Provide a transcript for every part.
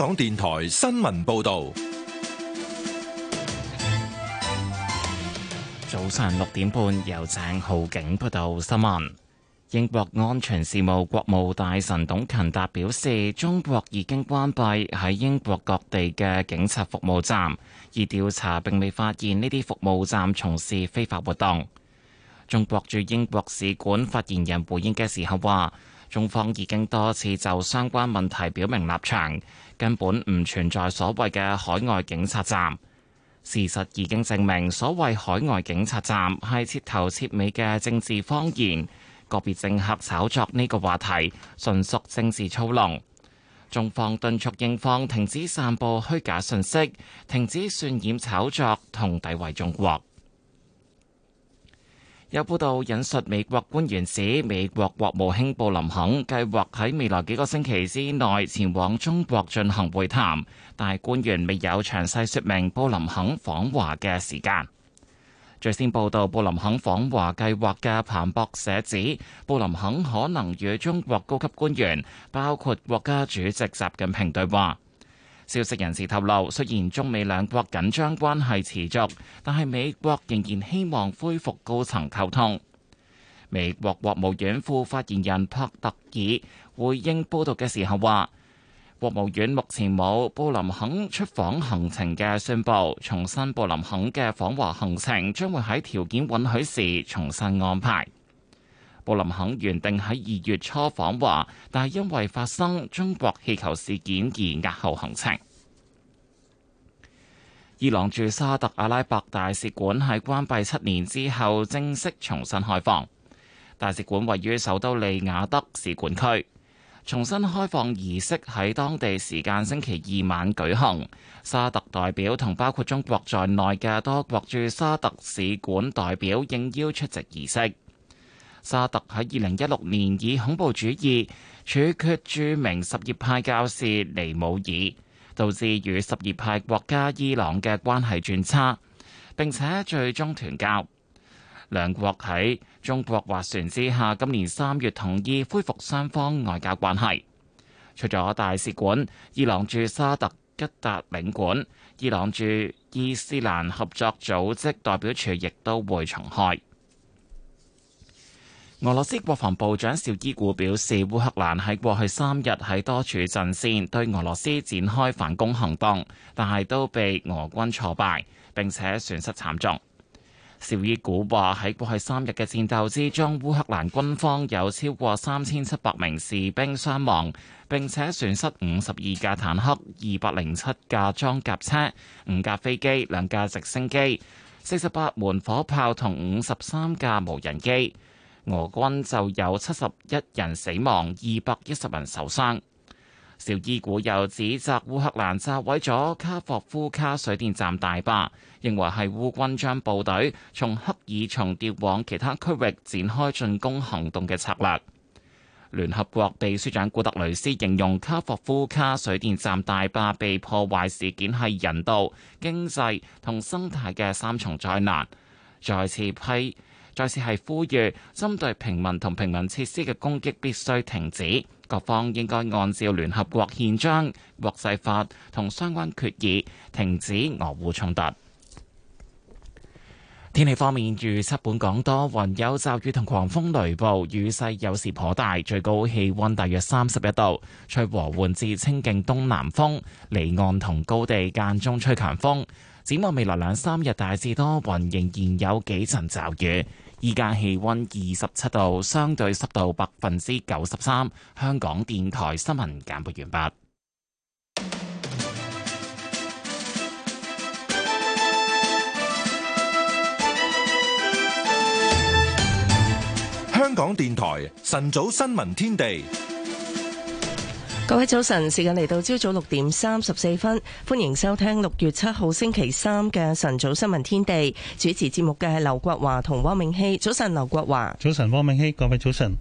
香港電台新聞報道，早晨六點半有請浩景報道新聞。英國安全事務國務大臣董勤達表示，中國已經關閉喺英國各地嘅警察服務站，而調查並未發現呢啲服務站從事非法活動。中國駐英國使館發言人回應嘅時候話，中方已經多次就相關問題表明立場。根本唔存在所謂嘅海外警察站，事實已經證明所謂海外警察站係徹頭徹尾嘅政治謊言，個別政客炒作呢個話題純屬政治操弄。中方敦促英方停止散布虛假信息，停止渲染炒作同詆毀中國。有報道引述美國官員指，美國國務卿布林肯計劃喺未來幾個星期之內前往中國進行會談，但官員未有詳細説明布林肯訪華嘅時間。最先報道布林肯訪華計劃嘅彭博社指，布林肯可能與中國高級官員，包括國家主席習近平對話。消息人士透露，雖然中美兩國緊張關係持續，但係美國仍然希望恢復高層溝通。美國國務院副發言人帕特爾回應報道嘅時候話，國務院目前冇布林肯出訪行程嘅宣佈，重申布林肯嘅訪華行程將會喺條件允許時重新安排。布林肯原定喺二月初訪華，但係因為發生中國氣球事件而押後行程。伊朗駐沙特阿拉伯大使館喺關閉七年之後正式重新開放。大使館位於首都利雅得使館區。重新開放儀式喺當地時間星期二晚舉行。沙特代表同包括中國在內嘅多國駐沙特使館代表應邀出席儀式。沙特喺二零一六年以恐怖主義處決著名什葉派教士尼姆爾，導致與什葉派國家伊朗嘅關係轉差，並且最終斷交。兩國喺中國斡旋之下，今年三月同意恢復雙方外交關係。除咗大使館，伊朗駐沙特吉達領館、伊朗駐伊斯蘭合作組織代表處亦都會重開。俄羅斯國防部長紹伊古表示，烏克蘭喺過去三日喺多處陣線對俄羅斯展開反攻行動，但係都被俄軍挫敗，並且損失慘重。紹伊古話喺過去三日嘅戰鬥之中，烏克蘭軍方有超過三千七百名士兵傷亡，並且損失五十二架坦克、二百零七架裝甲車、五架飛機、兩架直升機、四十八門火炮同五十三架無人機。俄軍就有七十一人死亡，二百一十人受傷。邵伊古又指責烏克蘭炸毀咗卡霍夫卡水電站大壩，認為係烏軍將部隊從克爾松調往其他區域，展開進攻行動嘅策略。聯合國秘書長古特雷斯形容卡霍夫卡水電站大壩被破壞事件係人道、經濟同生態嘅三重災難，再次批。再次係呼籲，針對平民同平民設施嘅攻擊必須停止，各方應該按照聯合國憲章、國際法同相關決議，停止俄烏衝突。天氣方面預測，本港多雲有驟雨同狂風雷暴，雨勢有時頗大，最高氣溫大約三十一度，吹和緩至清勁東南風，離岸同高地間中吹強風。展望未來兩三日，大致多雲，雲仍然有幾陣驟雨。依家氣温二十七度，相對濕度百分之九十三。香港電台新聞簡報完畢。香港電台晨早新聞天地。各位早晨，時間嚟到朝早六點三十四分，歡迎收聽六月七號星期三嘅晨早新聞天地。主持節目嘅係劉國華同汪明熙。早晨，劉國華。早晨，汪明熙。各位早晨。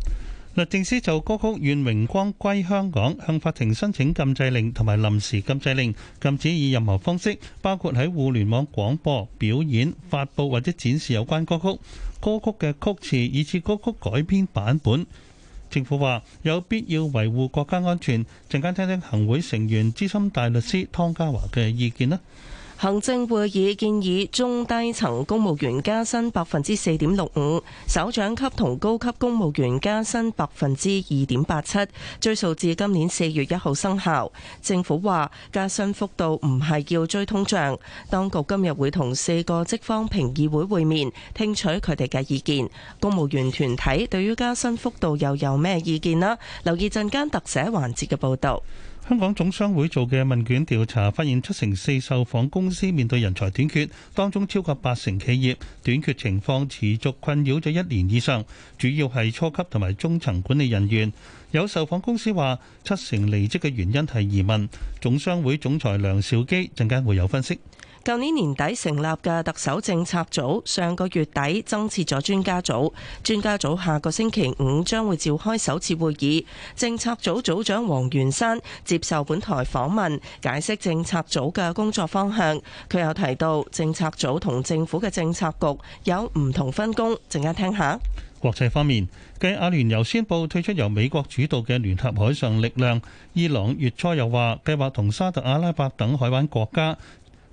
律政司就歌曲《願榮光歸香港》向法庭申請禁制令同埋臨時禁制令，禁止以任何方式，包括喺互聯網廣播、表演、發佈或者展示有關歌曲、歌曲嘅曲詞以至歌曲改編版本。政府話有必要維護國家安全，陣間聽聽行會成員資深大律師湯家驊嘅意見啦。行政會議建議中低層公務員加薪百分之四點六五，首長級同高級公務員加薪百分之二點八七，追溯至今年四月一號生效。政府話加薪幅度唔係要追通脹。當局今日會同四個職方評議會會面，聽取佢哋嘅意見。公務員團體對於加薪幅度又有咩意見呢？留意陣間特寫環節嘅報導。香港總商會做嘅問卷調查發現，七成四受訪公司面對人才短缺，當中超過八成企業短缺情況持續困擾咗一年以上，主要係初級同埋中層管理人員。有受訪公司話，七成離職嘅原因係移民。總商會總裁梁兆基陣間會有分析。舊年年底成立嘅特首政策組，上個月底增設咗專家組，專家組下個星期五將會召開首次會議。政策組組長黃元山接受本台訪問，解釋政策組嘅工作方向。佢又提到，政策組同政府嘅政策局有唔同分工，陣間聽下。國際方面，繼阿聯酋宣布退出由美國主導嘅聯合海上力量，伊朗月初又話計劃同沙特阿拉伯等海灣國家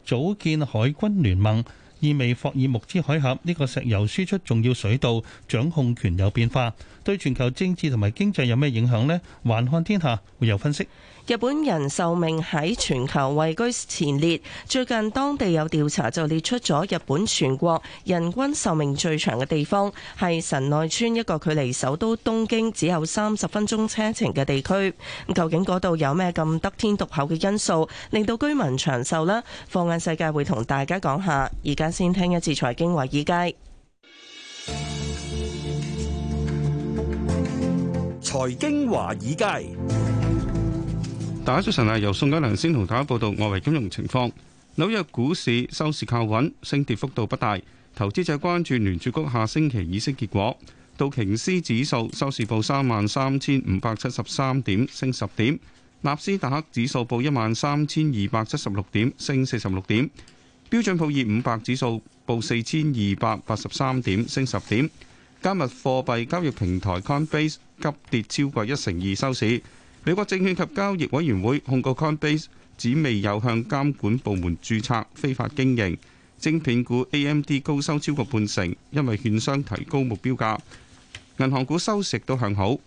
組建海軍聯盟，意味霍爾木茲海峽呢個石油輸出重要水道掌控權有變化，對全球政治同埋經濟有咩影響呢？環看天下會有分析。日本人壽命喺全球位居前列，最近當地有調查就列出咗日本全國人均壽命最長嘅地方，係神奈川一個距離首都東京只有三十分鐘車程嘅地區。究竟嗰度有咩咁得天獨厚嘅因素，令到居民長壽呢？放眼世界會同大家講下。而家先聽一次財經華爾街，財經華爾街。大家早晨啊！由宋家良先同大家報道外圍金融情況。紐約股市收市靠穩，升跌幅度不大。投資者關注聯儲局下星期議息結果。道瓊斯指數收市報三萬三千五百七十三點，升十點。納斯達克指數報一萬三千二百七十六點，升四十六點。標準普爾五百指數報四千二百八十三點，升十點。加密貨幣交易平台 Coinbase 急跌超過一成二收市。美國證券及交易委員會控告 Coinbase 只未有向監管部門註冊，非法經營。晶片股 AMD 高收超過半成，因為券商提高目標價。銀行股收息都向好。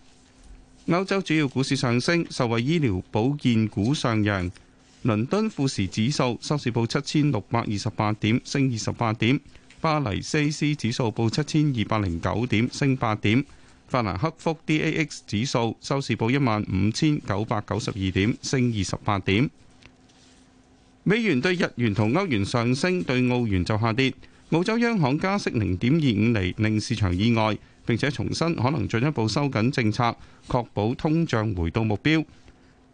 歐洲主要股市上升，受惠醫療保健股上揚。倫敦富時指數收市報七千六百二十八點，升二十八點。巴黎 CAC 指數報七千二百零九點，升八點。法蘭克福 DAX 指數收市報一萬五千九百九十二點，升二十八點。美元對日元同歐元上升，對澳元就下跌。澳洲央行加息零點二五厘，令市場意外，並且重申可能進一步收緊政策，確保通脹回到目標。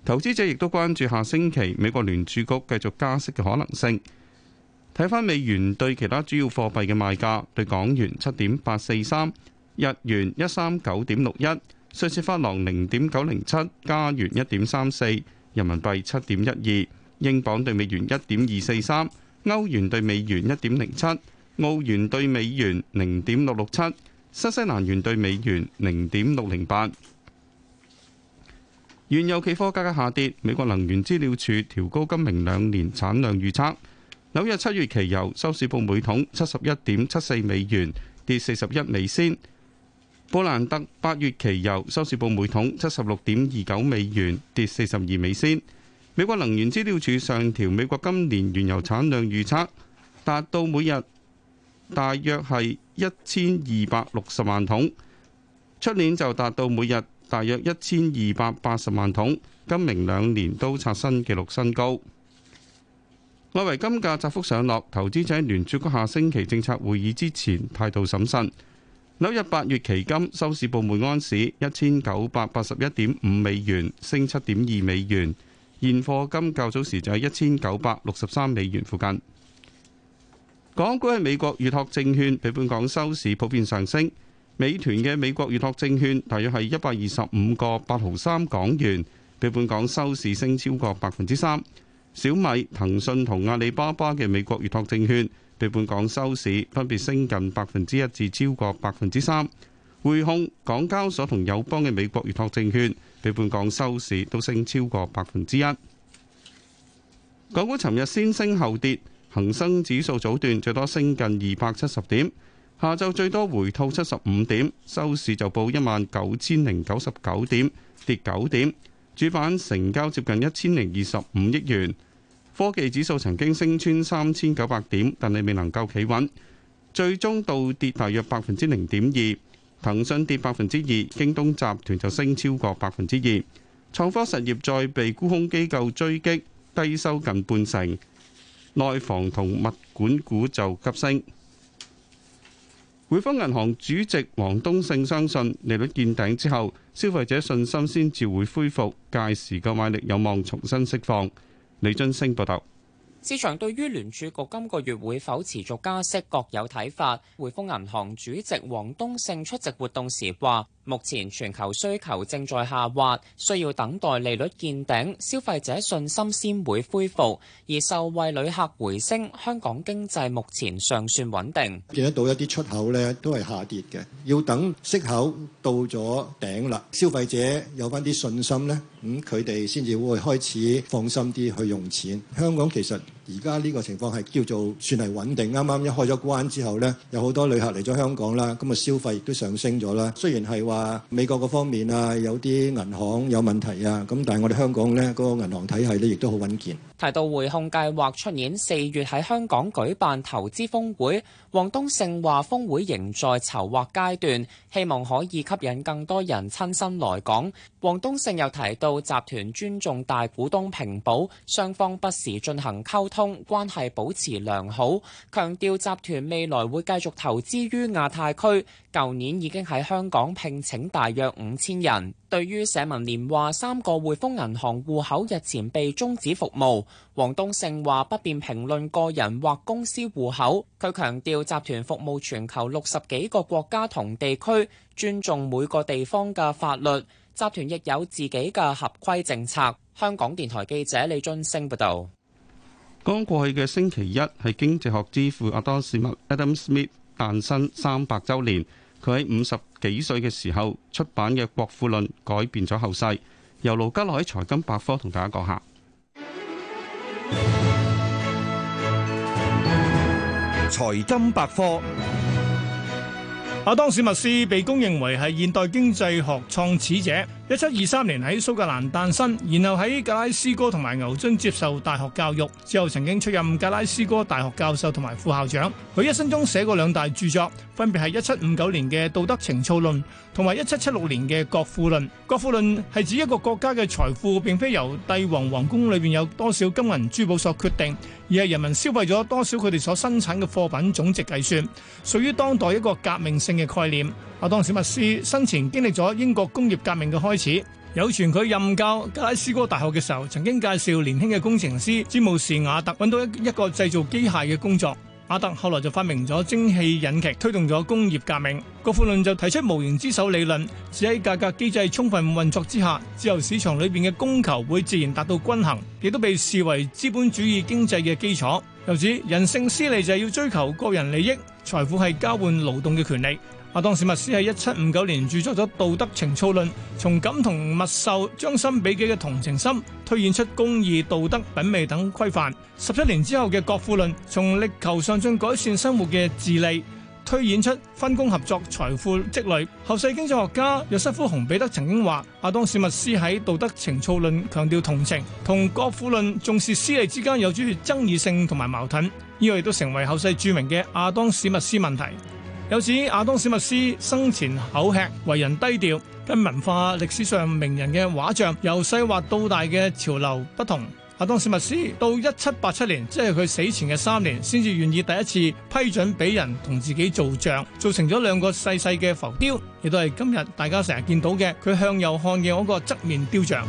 投資者亦都關注下星期美國聯儲局繼續加息嘅可能性。睇返美元對其他主要貨幣嘅賣價，對港元七點八四三。日元一三九點六一，瑞士法郎零點九零七，加元一點三四，人民幣七點一二，英鎊兌美元一點二四三，歐元兌美元一點零七，澳元兌美元零點六六七，新西蘭元兌美元零點六零八。原油期貨價格下跌，美國能源資料處調高今明兩年產量預測。紐約七月期油收市報每桶七十一點七四美元，跌四十一美仙。布蘭特八月期油收市報每桶七十六點二九美元，跌四十二美仙。美國能源資料處上調美國今年原油產量預測，達到每日大約係一千二百六十萬桶，出年就達到每日大約一千二百八十萬桶，今明兩年都刷新紀錄新高。外圍金價窄幅上落，投資者在聯儲局下星期政策會議之前態度審慎。紐約八月期金收市報每安士一千九百八十一點五美元，升七點二美元。現貨金較早時就喺一千九百六十三美元附近。港股喺美國預託證券比本港收市普遍上升。美團嘅美國預託證券大約係一百二十五個八毫三港元，比本港收市升超過百分之三。小米、騰訊同阿里巴巴嘅美國預託證券，對本港收市分別升近百分之一至超過百分之三。匯控、港交所同友邦嘅美國預託證券對本港收市都升超過百分之一。港股尋日先升後跌，恒生指數早段最多升近二百七十點，下晝最多回吐七十五點，收市就報一萬九千零九十九點，跌九點。主板成交接近一千零二十五億元。科技指數曾經升穿三千九百點，但係未能夠企穩，最終倒跌大約百分之零點二。騰訊跌百分之二，京東集團就升超過百分之二。創科實業再被沽空機構追擊，低收近半成。內房同物管股就急升。匯豐銀行主席王冬勝相信，利率見頂之後，消費者信心先至會恢復，屆時購買力有望重新釋放。李津升報道，市場對於聯儲局今個月會否持續加息，各有睇法。匯豐銀行主席王冬勝出席活動時話。目前全球需求正在下滑，需要等待利率見頂，消費者信心先會恢復，而受惠旅客回升，香港經濟目前尚算穩定。見得到一啲出口咧都係下跌嘅，要等息口到咗頂啦，消費者有翻啲信心咧，咁佢哋先至會開始放心啲去用錢，香港其實。而家呢個情況係叫做算係穩定，啱啱一開咗關之後咧，有好多旅客嚟咗香港啦，咁啊消費亦都上升咗啦。雖然係話美國嗰方面啊有啲銀行有問題啊，咁但係我哋香港咧嗰個銀行體系咧亦都好穩健。提到匯控計劃出年四月喺香港舉辦投資峰會，王冬勝話峰會仍在籌劃階段，希望可以吸引更多人親身來港。王冬勝又提到集團尊重大股東平保，雙方不時進行溝通，關係保持良好，強調集團未來會繼續投資於亞太區。舊年已經喺香港聘請大約五千人。對於社民連話三個匯豐銀行戶口日前被終止服務，王冬勝話不便評論個人或公司戶口。佢強調集團服務全球六十幾個國家同地區，尊重每個地方嘅法律。集團亦有自己嘅合規政策。香港電台記者李津升報導。剛過去嘅星期一係經濟學之父亞當斯密 Adam Smith 誕生三百周年。佢喺五十幾歲嘅時候出版嘅《國富論》改變咗後世。由盧家樂喺財金百科同大家講下。財金百科，阿當史密斯被公認為係現代經濟學創始者。一七二三年喺蘇格蘭誕生，然後喺格拉斯哥同埋牛津接受大學教育，之後曾經出任格拉斯哥大學教授同埋副校長。佢一生中寫過兩大著作，分別係一七五九年嘅《道德情操論》同埋一七七六年嘅《國富論》。《國富論》係指一個國家嘅財富，並非由帝王皇宮裏邊有多少金銀珠寶所決定，而係人民消費咗多少佢哋所生產嘅貨品總值計算，屬於當代一個革命性嘅概念。阿當史密斯生前經歷咗英國工業革命嘅開始。有傳佢任教格拉斯哥大學嘅時候，曾經介紹年輕嘅工程師詹姆士瓦特揾到一一個製造機械嘅工作。瓦特後來就發明咗蒸汽引擎，推動咗工業革命。國富論就提出無形之手理論，指喺價格機制充分運作之下，自由市場裏邊嘅供求會自然達到均衡，亦都被視為資本主義經濟嘅基礎。由此，人性私利就係要追求個人利益，財富係交換勞動嘅權利。阿當史密斯喺一七五九年著作咗《道德情操論》，從感同物受、將心比己嘅同情心，推演出公義道德品味等規範。十七年之後嘅《國富論》，從力求上進改善生活嘅自利，推演出分工合作、財富積累。後世經濟學家約瑟夫熊彼德曾經話：阿當史密斯喺《道德情操論》強調同情，同《國富論》重視私利之間有主要爭議性同埋矛盾，呢、這個亦都成為後世著名嘅阿當史密斯問題。有指亞當史密斯生前口吃，為人低調。跟文化歷史上名人嘅畫像，由細畫到大嘅潮流不同。亞當史密斯到一七八七年，即係佢死前嘅三年，先至願意第一次批准俾人同自己做像，做成咗兩個細細嘅浮雕，亦都係今日大家成日見到嘅佢向右看嘅嗰個側面雕像。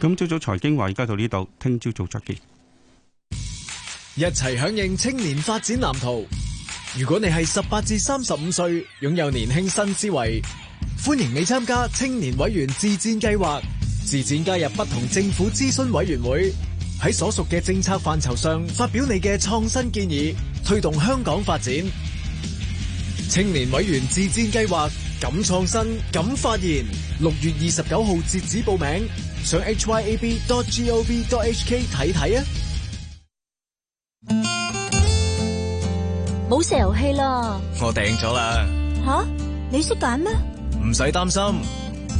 咁朝早財經話，而家到呢度，聽朝早再見。一齊響應青年發展藍圖。如果你係十八至三十五歲，擁有年輕新思維，歡迎你參加青年委員自薦計劃，自薦加入不同政府諮詢委員會，喺所屬嘅政策範疇上發表你嘅創新建議，推動香港發展。青年委員自薦計劃，敢創新，敢發言。六月二十九號截止報名，上 hyab.gov.hk 睇睇啊！冇石油氣啦，我訂咗啦。吓，你識揀咩？唔使擔心，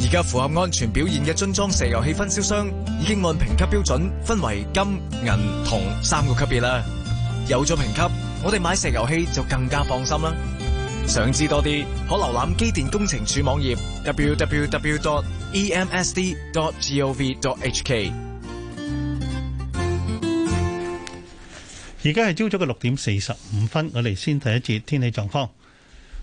而家符合安全表現嘅樽裝石油氣分銷商已經按評級標準分為金、銀、銅三個級別啦。有咗評級，我哋買石油氣就更加放心啦。想知多啲，可瀏覽機電工程署網頁 www. emsd. gov. hk。而家係朝早嘅六點四十五分，我哋先睇一節天氣狀況。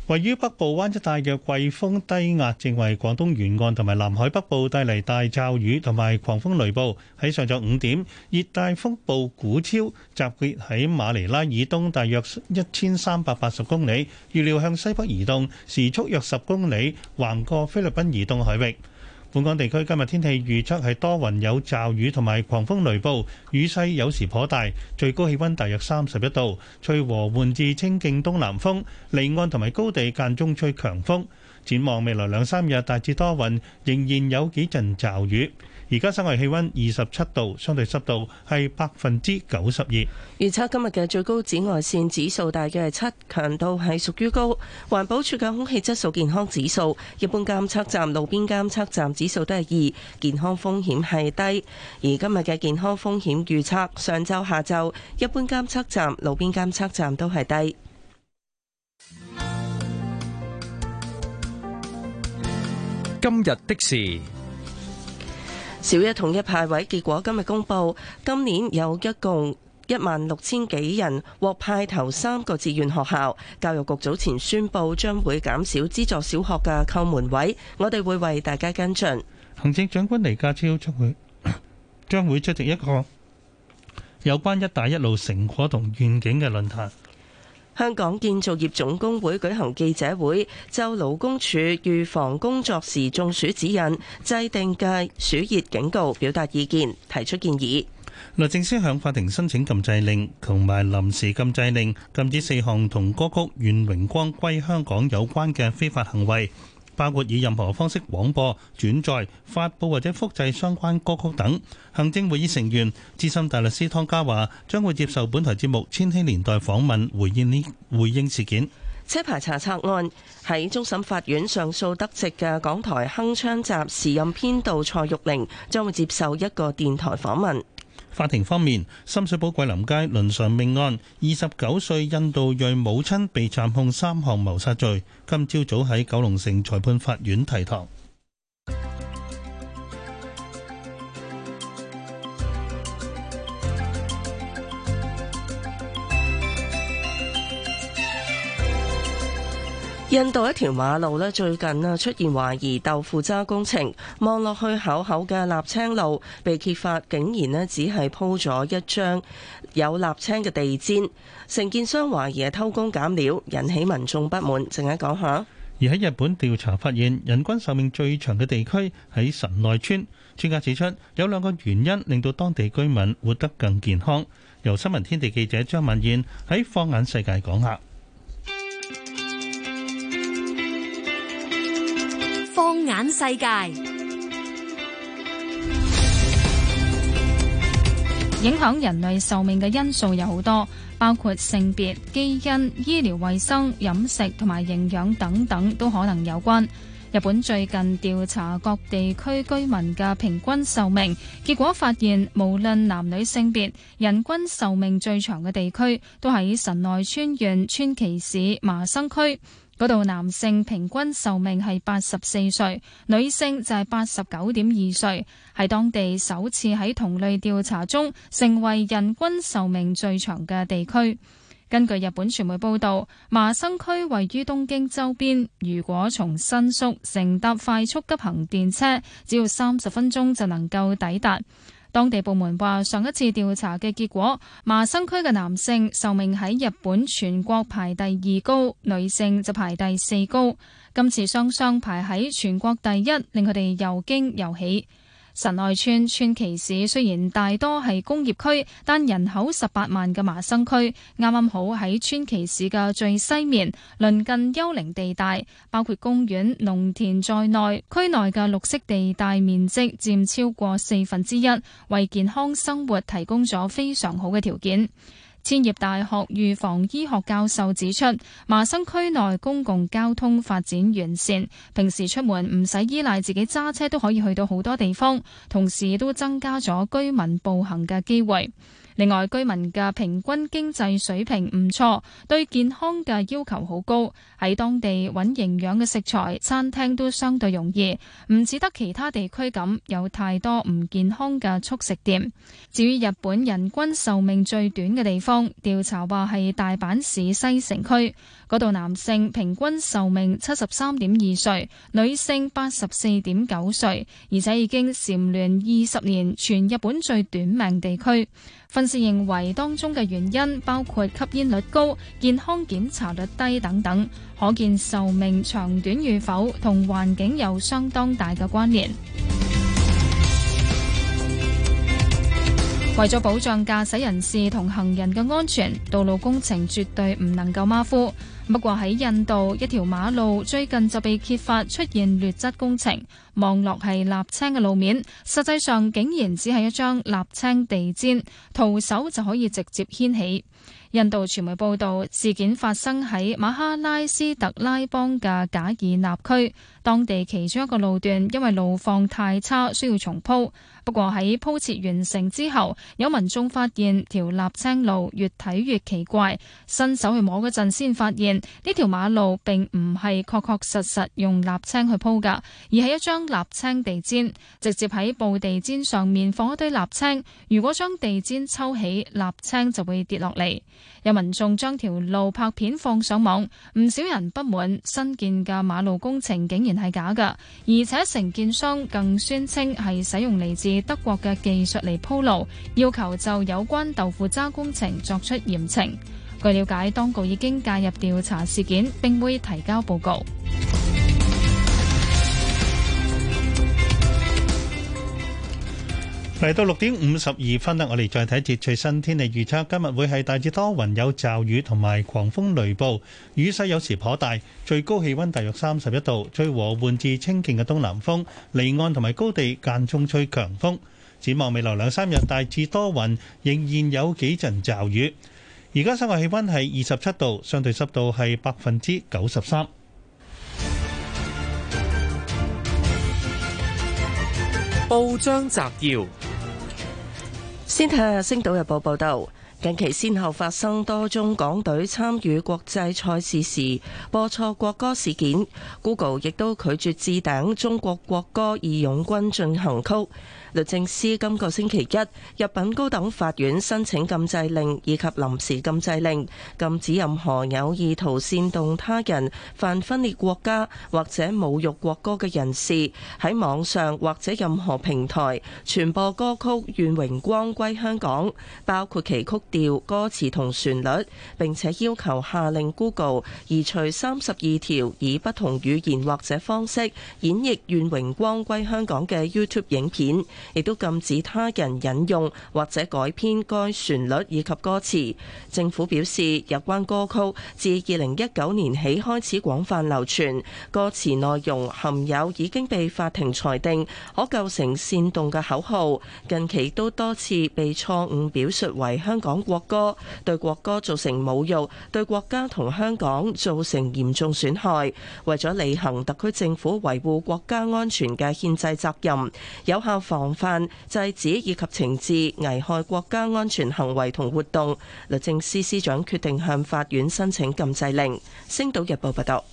位於北部灣一帶嘅季風低壓正為廣東沿岸同埋南海北部帶嚟大驟雨同埋狂風雷暴。喺上晝五點，熱帶風暴古超集結喺馬尼拉以東大約一千三百八十公里，預料向西北移動，時速約十公里，橫過菲律賓移動海域。本港地區今日天氣預測係多雲有驟雨同埋狂風雷暴，雨勢有時頗大，最高氣溫大約三十一度。吹和緩至清勁東南風，離岸同埋高地間中吹強風。展望未來兩三日大致多雲，仍然有幾陣驟雨。而家室外氣溫二十七度，相對濕度係百分之九十二。預測今日嘅最高紫外線指數大約係七，強度係屬於高。環保署嘅空氣質素健康指數，一般監測站、路邊監測站指數都係二，健康風險係低。而今日嘅健康風險預測，上晝下晝一般監測站、路邊監測站都係低。今日的事。小一統一派位結果今日公布，今年有一共一萬六千幾人獲派頭三個志願學校。教育局早前宣佈將會減少資助小學嘅叩門位，我哋會為大家跟進。行政長官李家超出會將會出席一個有關一帶一路成果同願景嘅論壇。香港建造業總工會舉行記者會，就勞工處預防工作時中暑指引制定嘅暑熱警告表達意見，提出建議。律政司向法庭申請禁制令同埋臨時禁制令，禁止四項同歌曲《願榮光歸香港》有關嘅非法行為。包括以任何方式廣播、轉載、發佈或者複製相關歌曲等。行政會議成員資深大律師湯家驊將會接受本台節目《千禧年代》訪問，回應呢回應事件。車牌查冊案喺終審法院上訴得直嘅港台鏗鏘集時任編導蔡玉玲將會接受一個電台訪問。法庭方面，深水埗桂林街倫常命案，二十九歲印度裔母親被暫控三項謀殺罪，今朝早喺九龍城裁判法院提堂。印度一條馬路咧，最近啊出現懷疑豆腐渣工程。望落去厚厚嘅瀝青路，被揭發竟然咧只係鋪咗一張有瀝青嘅地氈。承建商懷疑係偷工減料，引起民眾不滿。陣間講下。而喺日本調查發現，人均壽命最長嘅地區喺神內村。專家指出，有兩個原因令到當地居民活得更健康。由新聞天地記者張敏燕喺放眼世界講下。放眼世界，影響人類壽命嘅因素有好多，包括性別、基因、醫療衛生、飲食同埋營養等等，都可能有關。日本最近調查各地區居民嘅平均壽命，結果發現，無論男女性別，人均壽命最長嘅地區都喺神奈川縣川崎市麻生區。嗰度男性平均壽命係八十四歲，女性就係八十九點二歲，係當地首次喺同類調查中成為人均壽命最長嘅地區。根據日本傳媒報道，麻生區位於東京周邊，如果從新宿乘搭快速急行電車，只要三十分鐘就能夠抵達。當地部門話：上一次調查嘅結果，麻生區嘅男性壽命喺日本全國排第二高，女性就排第四高。今次雙雙排喺全國第一，令佢哋又驚又喜。神奈川川崎市雖然大多係工業區，但人口十八萬嘅麻生區啱啱好喺川崎市嘅最西面，鄰近幽靈地帶，包括公園、農田在內，區內嘅綠色地帶面積佔超過四分之一，為健康生活提供咗非常好嘅條件。千葉大學預防醫學教授指出，麻生區內公共交通發展完善，平時出門唔使依賴自己揸車都可以去到好多地方，同時亦都增加咗居民步行嘅機會。另外，居民嘅平均經濟水平唔錯，對健康嘅要求好高。喺當地揾營養嘅食材，餐廳都相對容易，唔似得其他地區咁有太多唔健康嘅速食店。至於日本人均壽命最短嘅地方，調查話係大阪市西成區，嗰度男性平均壽命七十三點二歲，女性八十四點九歲，而且已經蟬聯二十年全日本最短命地區。分析認為當中嘅原因包括吸煙率高、健康檢查率低等等，可見壽命長短與否同環境有相當大嘅關聯。 為咗保障駕駛人士同行人嘅安全，道路工程絕對唔能夠馬虎。不過喺印度一條馬路最近就被揭發出現劣質工程，望落係瀝青嘅路面，實際上竟然只係一張瀝青地氈，徒手就可以直接掀起。印度傳媒報道，事件發生喺馬哈拉施特拉邦嘅賈爾納區。當地其中一個路段因為路況太差，需要重鋪，不過喺鋪設完成之後，有民眾發現條瀝青路越睇越奇怪，伸手去摸嗰陣，先發現呢條馬路並唔係確確實實用瀝青去鋪噶，而係一張瀝青地氈，直接喺布地氈上面放一堆瀝青。如果將地氈抽起，瀝青就會跌落嚟。有民眾將條路拍片放上網，唔少人不滿新建嘅馬路工程竟然係假噶，而且承建商更宣稱係使用嚟自德國嘅技術嚟鋪路，要求就有關豆腐渣工程作出嚴懲。據了解，當局已經介入調查事件，並會提交報告。嚟到六點五十二分啦，我哋再睇一節最新天氣預測。今日會係大致多雲有驟雨同埋狂風雷暴，雨勢有時頗大，最高氣温大約三十一度，吹和緩至清勁嘅東南風，離岸同埋高地間中吹強風。展望未來兩三日，大致多雲，仍然有幾陣驟雨。而家室外氣温係二十七度，相對濕度係百分之九十三。報章摘要。先睇下《星島日報》報導，近期先後發生多宗港隊參與國際賽事時播錯國歌事件，Google 亦都拒絕置頂中國國歌《義勇軍進行曲》。律政司今個星期一入禀高等法院申請禁制令，以及臨時禁制令，禁止任何有意圖煽動他人犯分裂國家或者侮辱國歌嘅人士喺網上或者任何平台傳播歌曲《願榮光歸香港》，包括其曲調、歌詞同旋律，並且要求下令 Google 移除三十二條以不同語言或者方式演繹《願榮光歸香港》嘅 YouTube 影片。亦都禁止他人引用或者改編該旋律以及歌詞。政府表示，有關歌曲自二零一九年起開始廣泛流傳，歌詞內容含有已經被法庭裁定可構成煽動嘅口號。近期都多次被錯誤表述為香港國歌，對國歌造成侮辱，對國家同香港造成嚴重損害。為咗履行特區政府維護國家安全嘅憲制責任，有效防犯、制止以及懲治危害國家安全行為同活動，律政司司長決定向法院申請禁制令。星島日報報道。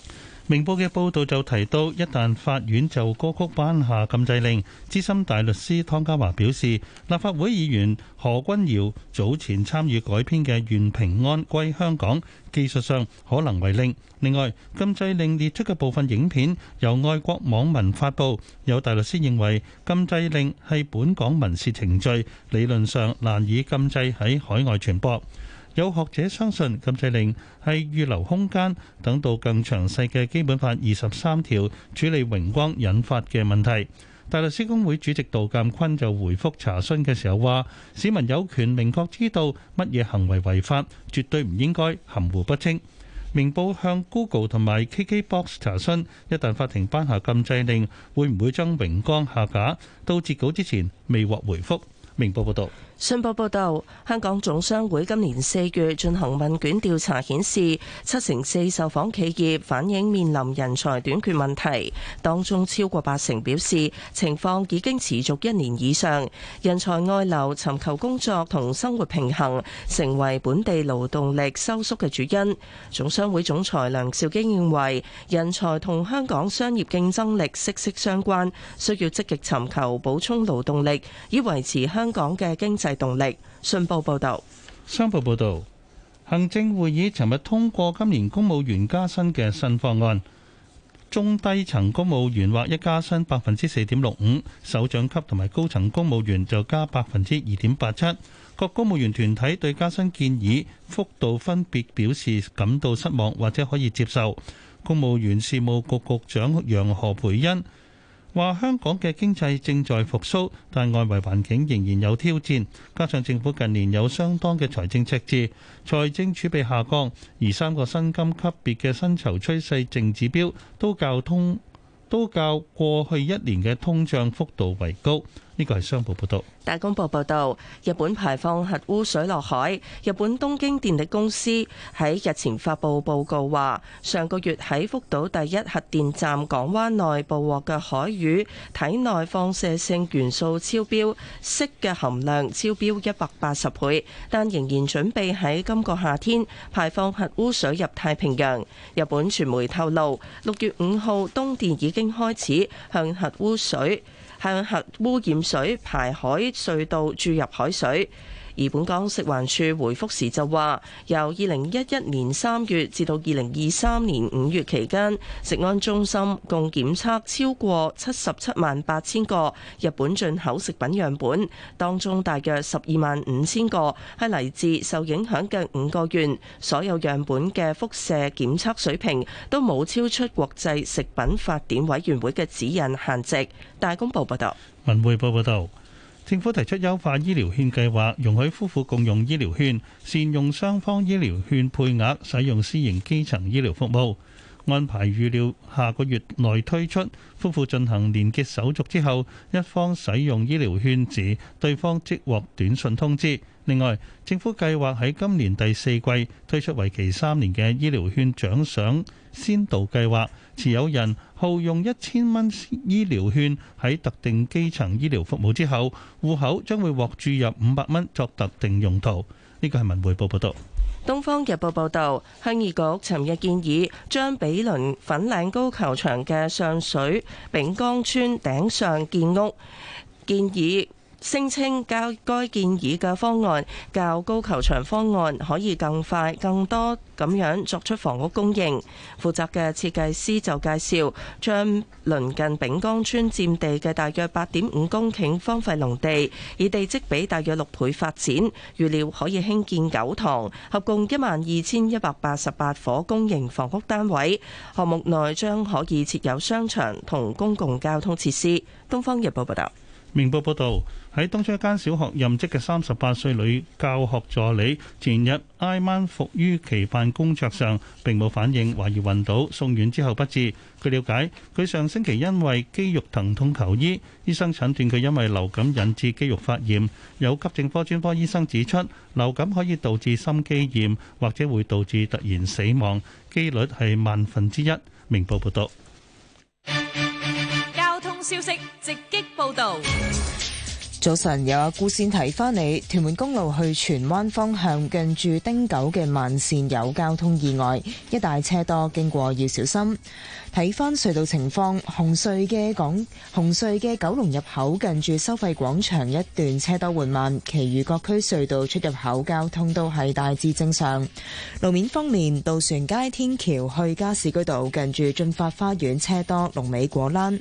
明報嘅報道就提到，一旦法院就歌曲頒下禁制令，資深大律師湯家驊表示，立法會議員何君堯早前參與改編嘅《願平安歸香港》，技術上可能違令。另外，禁制令列出嘅部分影片由外國網民發佈，有大律師認為禁制令係本港民事程序，理論上難以禁制喺海外傳播。有學者相信禁制令係預留空間，等到更詳細嘅基本法二十三條處理榮光引發嘅問題。大律師公會主席杜淦坤就回覆查詢嘅時候話：市民有權明確知道乜嘢行為違法，絕對唔應該含糊不清。明報向 Google 同埋 KKBOX 查詢，一旦法庭頒下禁制令，會唔會將榮光下架？到截稿之前未獲回覆。明報報道。信報報導，香港總商會今年四月進行問卷調查顯示，七成四受訪企業反映面臨人才短缺問題，當中超過八成表示情況已經持續一年以上。人才外流、尋求工作同生活平衡，成為本地勞動力收縮嘅主因。總商會總裁梁兆基認為，人才同香港商業競爭力息息相關，需要積極尋求補充勞動力，以維持香港嘅經濟。係動力。信報報道，商報報道，行政會議尋日通過今年公務員加薪嘅新方案，中低層公務員獲一加薪百分之四點六五，首長級同埋高層公務員就加百分之二點八七。各公務員團體對加薪建議幅度分別表示感到失望或者可以接受。公務員事務局局長楊何培恩。話香港嘅經濟正在復甦，但外圍環境仍然有挑戰。加上政府近年有相當嘅財政赤字，財政儲備下降，而三個薪金級別嘅薪酬趨勢淨指標都較通都較過去一年嘅通脹幅度為高。呢個係商報報道，大公報報道，日本排放核污水落海。日本東京電力公司喺日前發布報告話，上個月喺福島第一核電站港灣內捕獲嘅海魚體內放射性元素超標，銫嘅含量超標一百八十倍，但仍然準備喺今個夏天排放核污水入太平洋。日本傳媒透露，六月五號，東電已經開始向核污水。向核污染水排海隧道注入海水。而本港食環署回覆時就話，由二零一一年三月至到二零二三年五月期間，食安中心共檢測超過七十七萬八千個日本進口食品樣本，當中大約十二萬五千個係嚟自受影響嘅五個縣，所有樣本嘅輻射檢測水平都冇超出國際食品法典委員會嘅指引限值。大公報報道。文匯報報導。政府提出優化醫療券計劃，容許夫婦共用醫療券，善用雙方醫療券配額，使用私營基層醫療服務。安排預料下個月內推出，夫婦進行連結手續之後，一方使用醫療券時，對方即獲短信通知。另外，政府計劃喺今年第四季推出為期三年嘅醫療券獎賞先導計劃。持有人耗用一千蚊醫療券喺特定基層醫療服務之後，戶口將會獲注入五百蚊作特定用途。呢個係文匯報報道。東方日報報導，鄉議局尋日建議將比鄰粉嶺高球場嘅上水丙崗村頂上建屋，建議，聲稱較該建議嘅方案較高球場方案可以更快、更多咁樣作出房屋供應。負責嘅設計師就介紹，將鄰近丙崗村佔地嘅大約八點五公頃荒廢農地，以地積比大約六倍發展，預料可以興建九幢，合共一萬二千一百八十八伙供應房屋單位。項目內將可以設有商場同公共交通設施。《東方日報》報道，《明報》報道。喺東涌一間小學任職嘅三十八歲女教學助理，前日挨晚伏於其辦公桌上，並冇反應，懷疑暈倒，送院之後不治。據了解，佢上星期因為肌肉疼痛求醫，醫生診斷佢因為流感引致肌肉發炎。有急症科專科醫生指出，流感可以導致心肌炎，或者會導致突然死亡，機率係萬分之一。明報報道。交通消息直擊報道。早晨，有阿顧線提翻你，屯門公路去荃灣方向近住丁九嘅慢線有交通意外，一大車多，經過要小心。睇翻隧道情況，紅隧嘅港紅隧嘅九龍入口近住收費廣場一段車多緩慢，其餘各區隧道出入口交通都係大致正常。路面方面，渡船街天橋去加士居道近住駿發花園車多，龍尾果欄。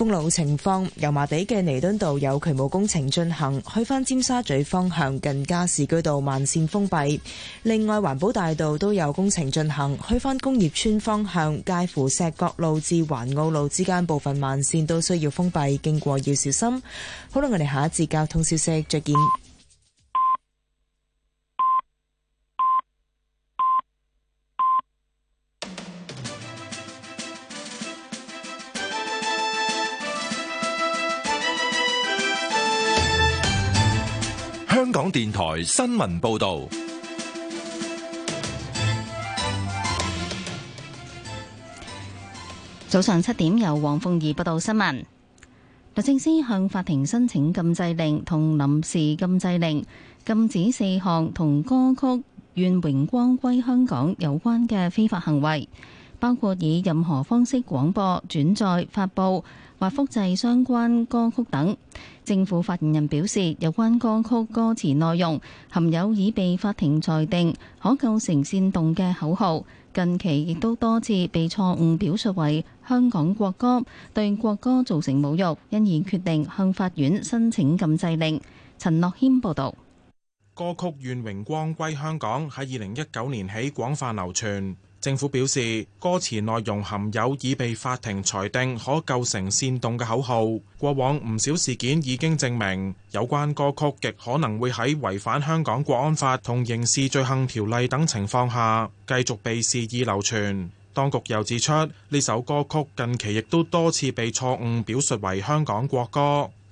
封路情況，油麻地嘅彌敦道有渠務工程進行，去翻尖沙咀方向近加士居道慢綫封閉；另外，環保大道都有工程進行，去翻工業村方向介乎石角路至環澳路之間部分慢綫都需要封閉，經過要小心。好啦，我哋下一節交通消息再見。 香港電台新聞報道，早上七點由黃鳳儀報道新聞。律政司向法庭申請禁制令同臨時禁制令，禁止四項同歌曲《願榮光歸香港》有關嘅非法行為，包括以任何方式廣播、轉載、發佈或複製相關歌曲等。政府發言人表示，有關歌曲歌詞內容含有已被法庭裁定可構成煽動嘅口號，近期亦都多次被錯誤表述為香港國歌，對國歌造成侮辱，因而決定向法院申請禁制令。陳樂軒報導。歌曲《願榮光歸香港》喺二零一九年起廣泛流傳。政府表示，歌詞內容含有已被法庭裁定可構成煽動嘅口號。過往唔少事件已經證明，有關歌曲極可能會喺違反香港國安法同刑事罪行條例等情況下，繼續被肆意流傳。當局又指出，呢首歌曲近期亦都多次被錯誤表述為香港國歌，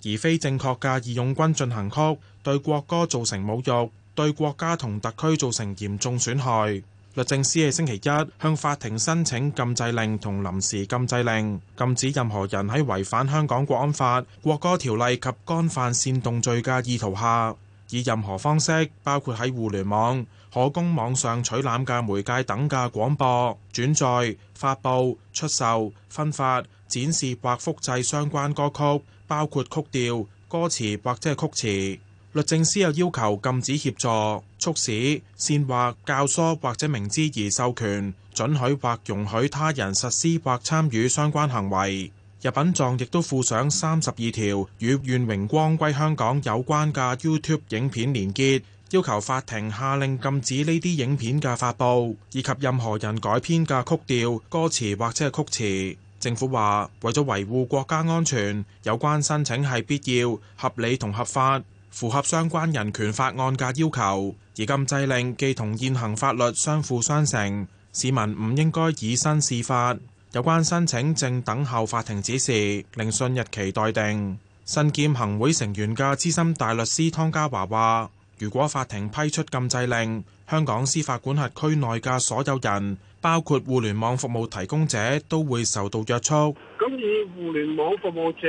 而非正確嘅義勇軍進行曲，對國歌造成侮辱，對國家同特區造成嚴重損害。律政司喺星期一向法庭申請禁制令同臨時禁制令，禁止任何人喺違反香港國安法、國歌條例及干犯煽動罪嘅意圖下，以任何方式，包括喺互聯網可供網上取覽嘅媒介等嘅廣播、轉載、發布、出售、分發、展示或複製相關歌曲，包括曲調、歌詞或者曲詞。律政司又要求禁止協助、促使、煽惑、教唆或者明知而授權准許或容許他人實施或參與相關行為。入稟狀亦都附上三十二條與願榮光歸香港有關嘅 YouTube 影片連結，要求法庭下令禁止呢啲影片嘅發佈，以及任何人改編嘅曲調、歌詞或者係曲詞。政府話為咗維護國家安全，有關申請係必要、合理同合法。符合相關人權法案嘅要求，而禁制令既同現行法律相輔相成，市民唔應該以身試法。有關申請正等候法庭指示，聆訊日期待定。身兼行會成員嘅資深大律師湯家驊話：如果法庭批出禁制令，香港司法管轄區內嘅所有人，包括互聯網服務提供者，都會受到約束。咁以互聯網服務者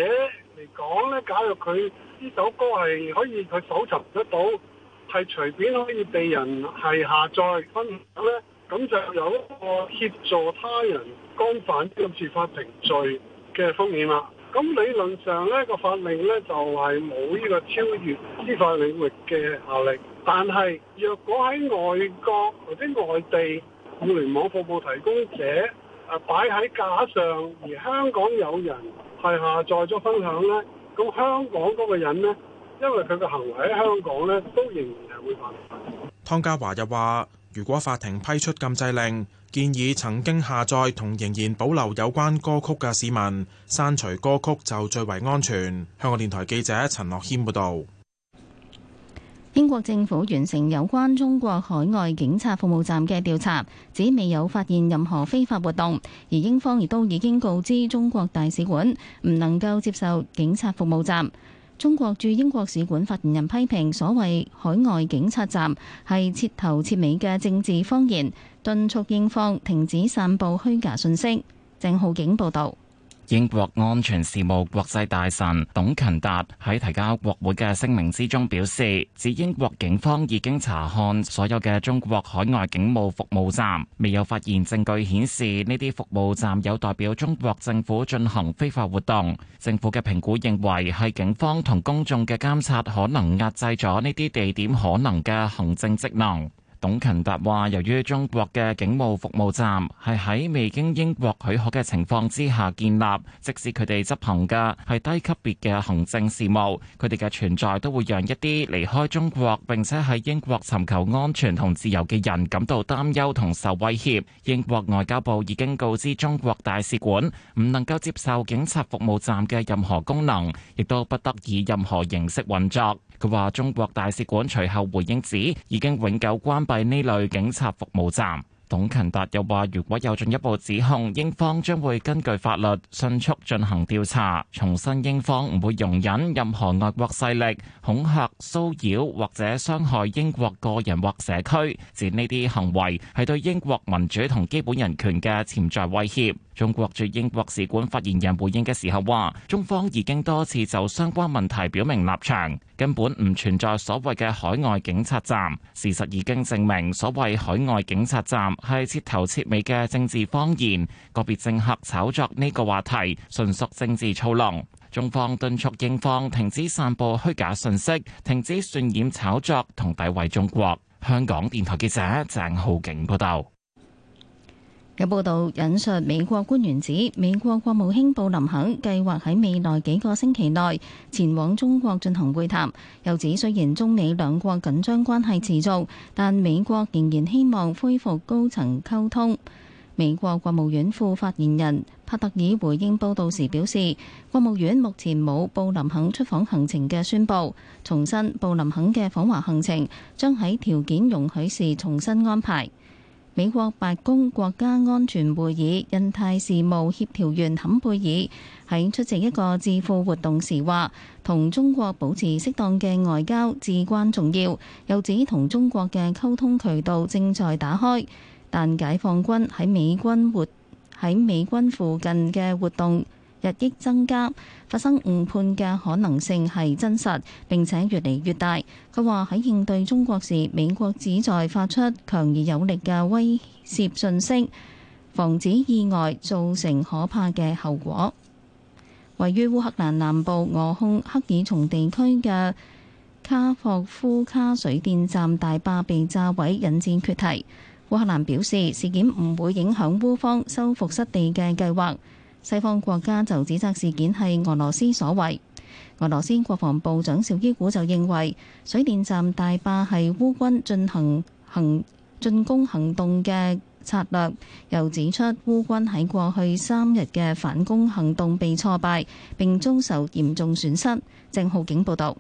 嚟講呢，假若佢呢首歌係可以佢搜尋得到，係隨便可以被人係下載分享呢，咁就有一個協助他人干犯呢個違法程序嘅風險啦。咁理論上呢，呢個法令呢，就係冇呢個超越司法領域嘅效力，但係若果喺外國或者外地互聯網服務提供者啊擺喺架上，而香港有人係下載咗分享呢。咁香港嗰個人咧，因為佢嘅行為喺香港咧，都仍然係會犯法。湯家驊又話，如果法庭批出禁制令，建議曾經下載同仍然保留有關歌曲嘅市民刪除歌曲就最為安全。香港電台記者陳樂謙報道。英國政府完成有關中國海外警察服務站嘅調查，指未有發現任何非法活動，而英方亦都已經告知中國大使館，唔能夠接受警察服務站。中國駐英國使館發言人批評所謂海外警察站係徹頭徹尾嘅政治謊言，敦促英方停止散布虛假信息。正浩景報道。英國安全事務國際大臣董勤達喺提交國會嘅聲明之中表示，指英國警方已經查看所有嘅中國海外警務服務站，未有發現證據顯示呢啲服務站有代表中國政府進行非法活動。政府嘅評估認為，係警方同公眾嘅監察可能壓制咗呢啲地點可能嘅行政職能。董勤達話，由於中國嘅警務服務站係喺未經英國許可嘅情況之下建立，即使佢哋執行嘅係低級別嘅行政事務，佢哋嘅存在都會讓一啲離開中國，並且喺英國尋求安全同自由嘅人感到擔憂同受威脅。英國外交部已經告知中國大使館，唔能夠接受警察服務站嘅任何功能，亦都不得以任何形式運作。佢話：中國大使館隨後回應指，已經永久關閉呢類警察服務站。董勤達又話：如果有進一步指控，英方將會根據法律迅速進行調查。重申英方唔會容忍任何外國勢力恐嚇、騷擾或者傷害英國個人或社區，指呢啲行為係對英國民主同基本人權嘅潛在威脅。中國駐英國使館發言人回應嘅時候話：中方已經多次就相關問題表明立場，根本唔存在所謂嘅海外警察站，事實已經證明所謂海外警察站。係徹頭徹尾嘅政治謊言，個別政客炒作呢個話題，純屬政治操弄。中方敦促英方停止散布虛假信息，停止渲染炒作同詆毀中國。香港電台記者鄭浩景報道。有報道引述美國官員指，美國國務卿布林肯計劃喺未來幾個星期內前往中國進行會談。又指雖然中美兩國緊張關係持續，但美國仍然希望恢復高層溝通。美國國務院副發言人帕特爾回應報道時表示，國務院目前冇布林肯出訪行程嘅宣佈，重申布林肯嘅訪華行程將喺條件容許時重新安排。美國白宮國家安全會議印太事務協調員坎貝爾喺出席一個致富活動時話，同中國保持適當嘅外交至關重要。又指同中國嘅溝通渠道正在打開，但解放軍喺美軍活喺美軍附近嘅活動日益增加，發生誤判嘅可能性係真實，並且越嚟越大。佢話喺應對中國時，美國旨在發出強而有力嘅威懾信息，防止意外造成可怕嘅後果。位於烏克蘭南部俄控克爾松地區嘅卡霍夫卡水電站大壩被炸毀引戰缺堤。烏克蘭表示事件唔會影響烏方收復失地嘅計劃。西方國家就指責事件係俄羅斯所為。俄羅斯國防部長邵伊古就認為，水電站大壩係烏軍進行行進攻行動嘅策略。又指出，烏軍喺過去三日嘅反攻行動被挫敗，並遭受嚴重損失。鄭浩景報道。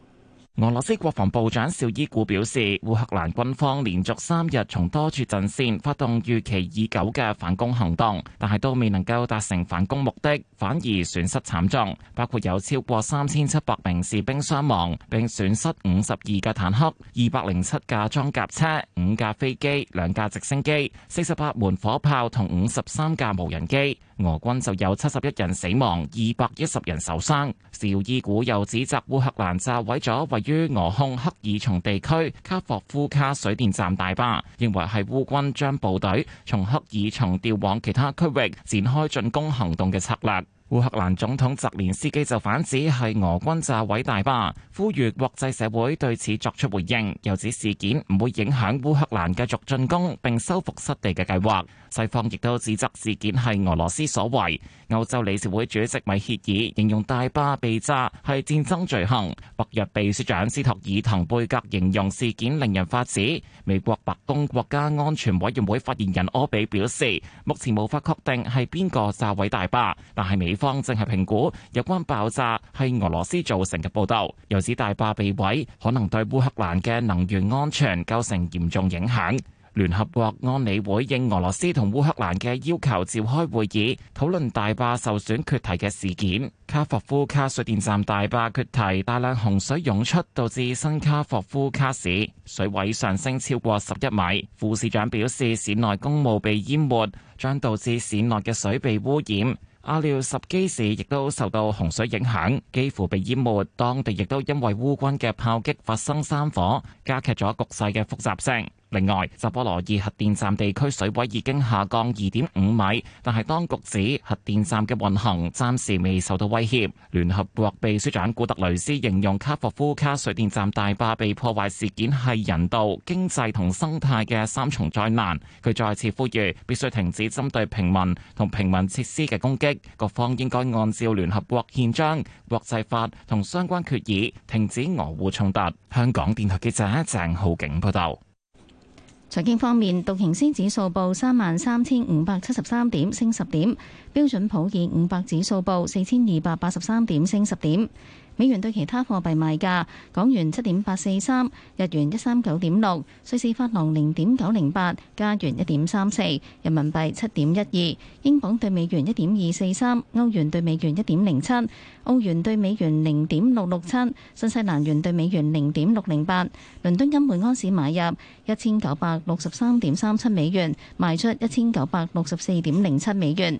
俄羅斯國防部長紹伊古表示，烏克蘭軍方連續三日從多處陣線發動預期已久嘅反攻行動，但係都未能夠達成反攻目的，反而損失慘重，包括有超過三千七百名士兵傷亡，並損失五十二架坦克、二百零七架裝甲車、五架飛機、兩架直升機、四十八門火炮同五十三架無人機。俄軍就有七十一人死亡，二百一十人受傷。邵伊古又指責烏克蘭炸毀咗位於俄控克爾松地區卡霍夫卡水電站大壩，認為係烏軍將部隊從克爾松調往其他區域，展開進攻行動嘅策略。烏克蘭總統澤連斯基就反指係俄軍炸毀大壩，呼籲國際社會對此作出回應。又指事件唔會影響烏克蘭繼續進攻並收復失地嘅計劃。西方亦都指責事件係俄羅斯所為。歐洲理事會主席米歇爾形容大壩被炸係戰爭罪行。北約秘書長斯托爾滕貝格形容事件令人髮指。美國白宮國家安全委員會發言人柯比表示，目前無法確定係邊個炸毀大壩，但係美方正係評估有關爆炸係俄羅斯造成嘅報道，又指大壩被毀，可能對烏克蘭嘅能源安全構成嚴重影響。聯合國安理會應俄羅斯同烏克蘭嘅要求召開會議，討論大壩受損決堤嘅事件。卡霍夫卡水電站大壩決堤，大量洪水湧出，導致新卡霍夫卡市水位上升超過十一米。副市長表示，市內公墓被淹沒，將導致市內嘅水被污染。阿廖十基市亦都受到洪水影響，幾乎被淹沒，當地亦都因為烏軍嘅炮擊發生山火，加劇咗局勢嘅複雜性。另外，扎波羅耶核電站地區水位已經下降二點五米，但係當局指核電站嘅運行暫時未受到威脅。聯合國秘書長古特雷斯形容卡霍夫卡水電站大壩被破壞事件係人道、經濟同生態嘅三重災難。佢再次呼籲，必須停止針對平民同平民設施嘅攻擊，各方應該按照聯合國憲章、國際法同相關決議，停止俄烏衝突。香港電台記者鄭浩景報道。財經方面，道瓊斯指數報三萬三千五百七十三點，升十點；標準普爾五百指數報四千二百八十三點，升十點。美元對其他貨幣賣價：港元七點八四三，日元一三九點六，瑞士法郎零點九零八，加元一點三四，人民幣七點一二，英鎊對美元一點二四三，歐元對美元一點零七，澳元對美元零點六六七，新西蘭元對美元零點六零八。倫敦金每盎司買入一千九百六十三點三七美元，賣出一千九百六十四點零七美元。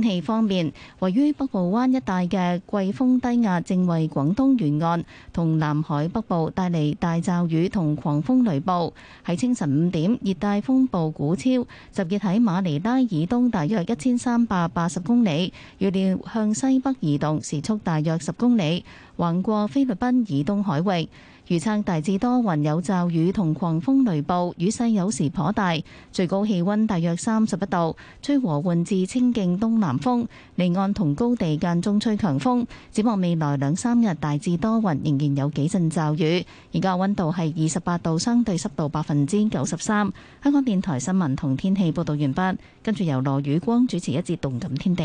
天氣方面，位於北部灣一帶嘅季風低壓正為廣東沿岸同南海北部帶嚟大驟雨同狂風雷暴。喺清晨五點，熱帶風暴古超集結喺馬尼拉以東大約一千三百八十公里，預料向西北移動，時速大約十公里，橫過菲律賓以東海域。預測大致多雲有驟雨同狂風雷暴，雨勢有時頗大，最高氣溫大約三十一度，吹和緩至清勁東南風，離岸同高地間中吹強風。展望未來兩三日，大致多雲，仍然有幾陣驟雨。而家温度係二十八度，相對濕度百分之九十三。香港電台新聞同天氣報道完畢，跟住由羅宇光主持一節《動感天地》。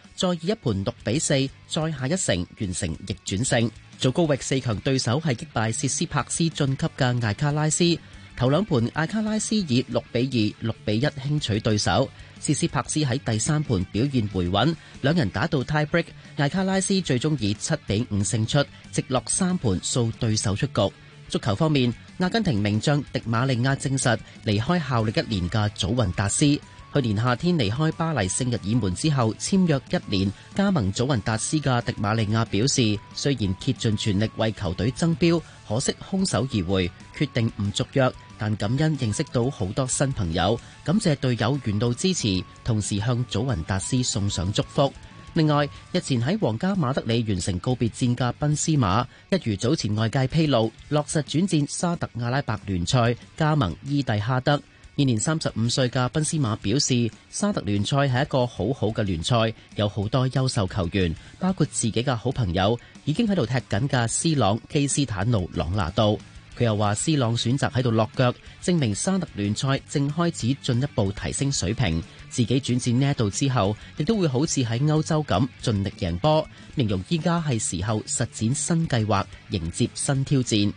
再以一盤六比四再下一城，完成逆轉勝。祖高域四強對手係擊敗切斯柏斯晉級嘅艾卡拉斯，頭兩盤艾卡拉斯以六比二、六比一輕取對手。切斯柏斯喺第三盤表現回穩，兩人打到 tie break，艾卡拉斯最終以七比五勝出，直落三盤掃對手出局。足球方面，阿根廷名將迪馬利亞證實離開效力一年嘅祖雲達斯。去年夏天離開巴黎聖日耳門之後，簽約一年加盟祖雲達斯嘅迪馬利亞表示，雖然竭盡全力為球隊爭標，可惜空手而回，決定唔續約。但感恩認識到好多新朋友，感謝隊友遠道支持，同時向祖雲達斯送上祝福。另外，日前喺皇家馬德里完成告別戰嘅賓斯馬，一如早前外界披露，落實轉戰沙特阿拉伯聯賽，加盟伊蒂哈德。現年三十五歲嘅賓斯馬表示，沙特聯賽係一個好好嘅聯賽，有好多優秀球員，包括自己嘅好朋友，已經喺度踢緊嘅斯朗基斯坦奴朗拿度。佢又話，斯朗選擇喺度落腳，證明沙特聯賽正開始進一步提升水平。自己轉戰呢一度之後，亦都會好似喺歐洲咁，盡力贏波。形容依家係時候實踐新計劃，迎接新挑戰。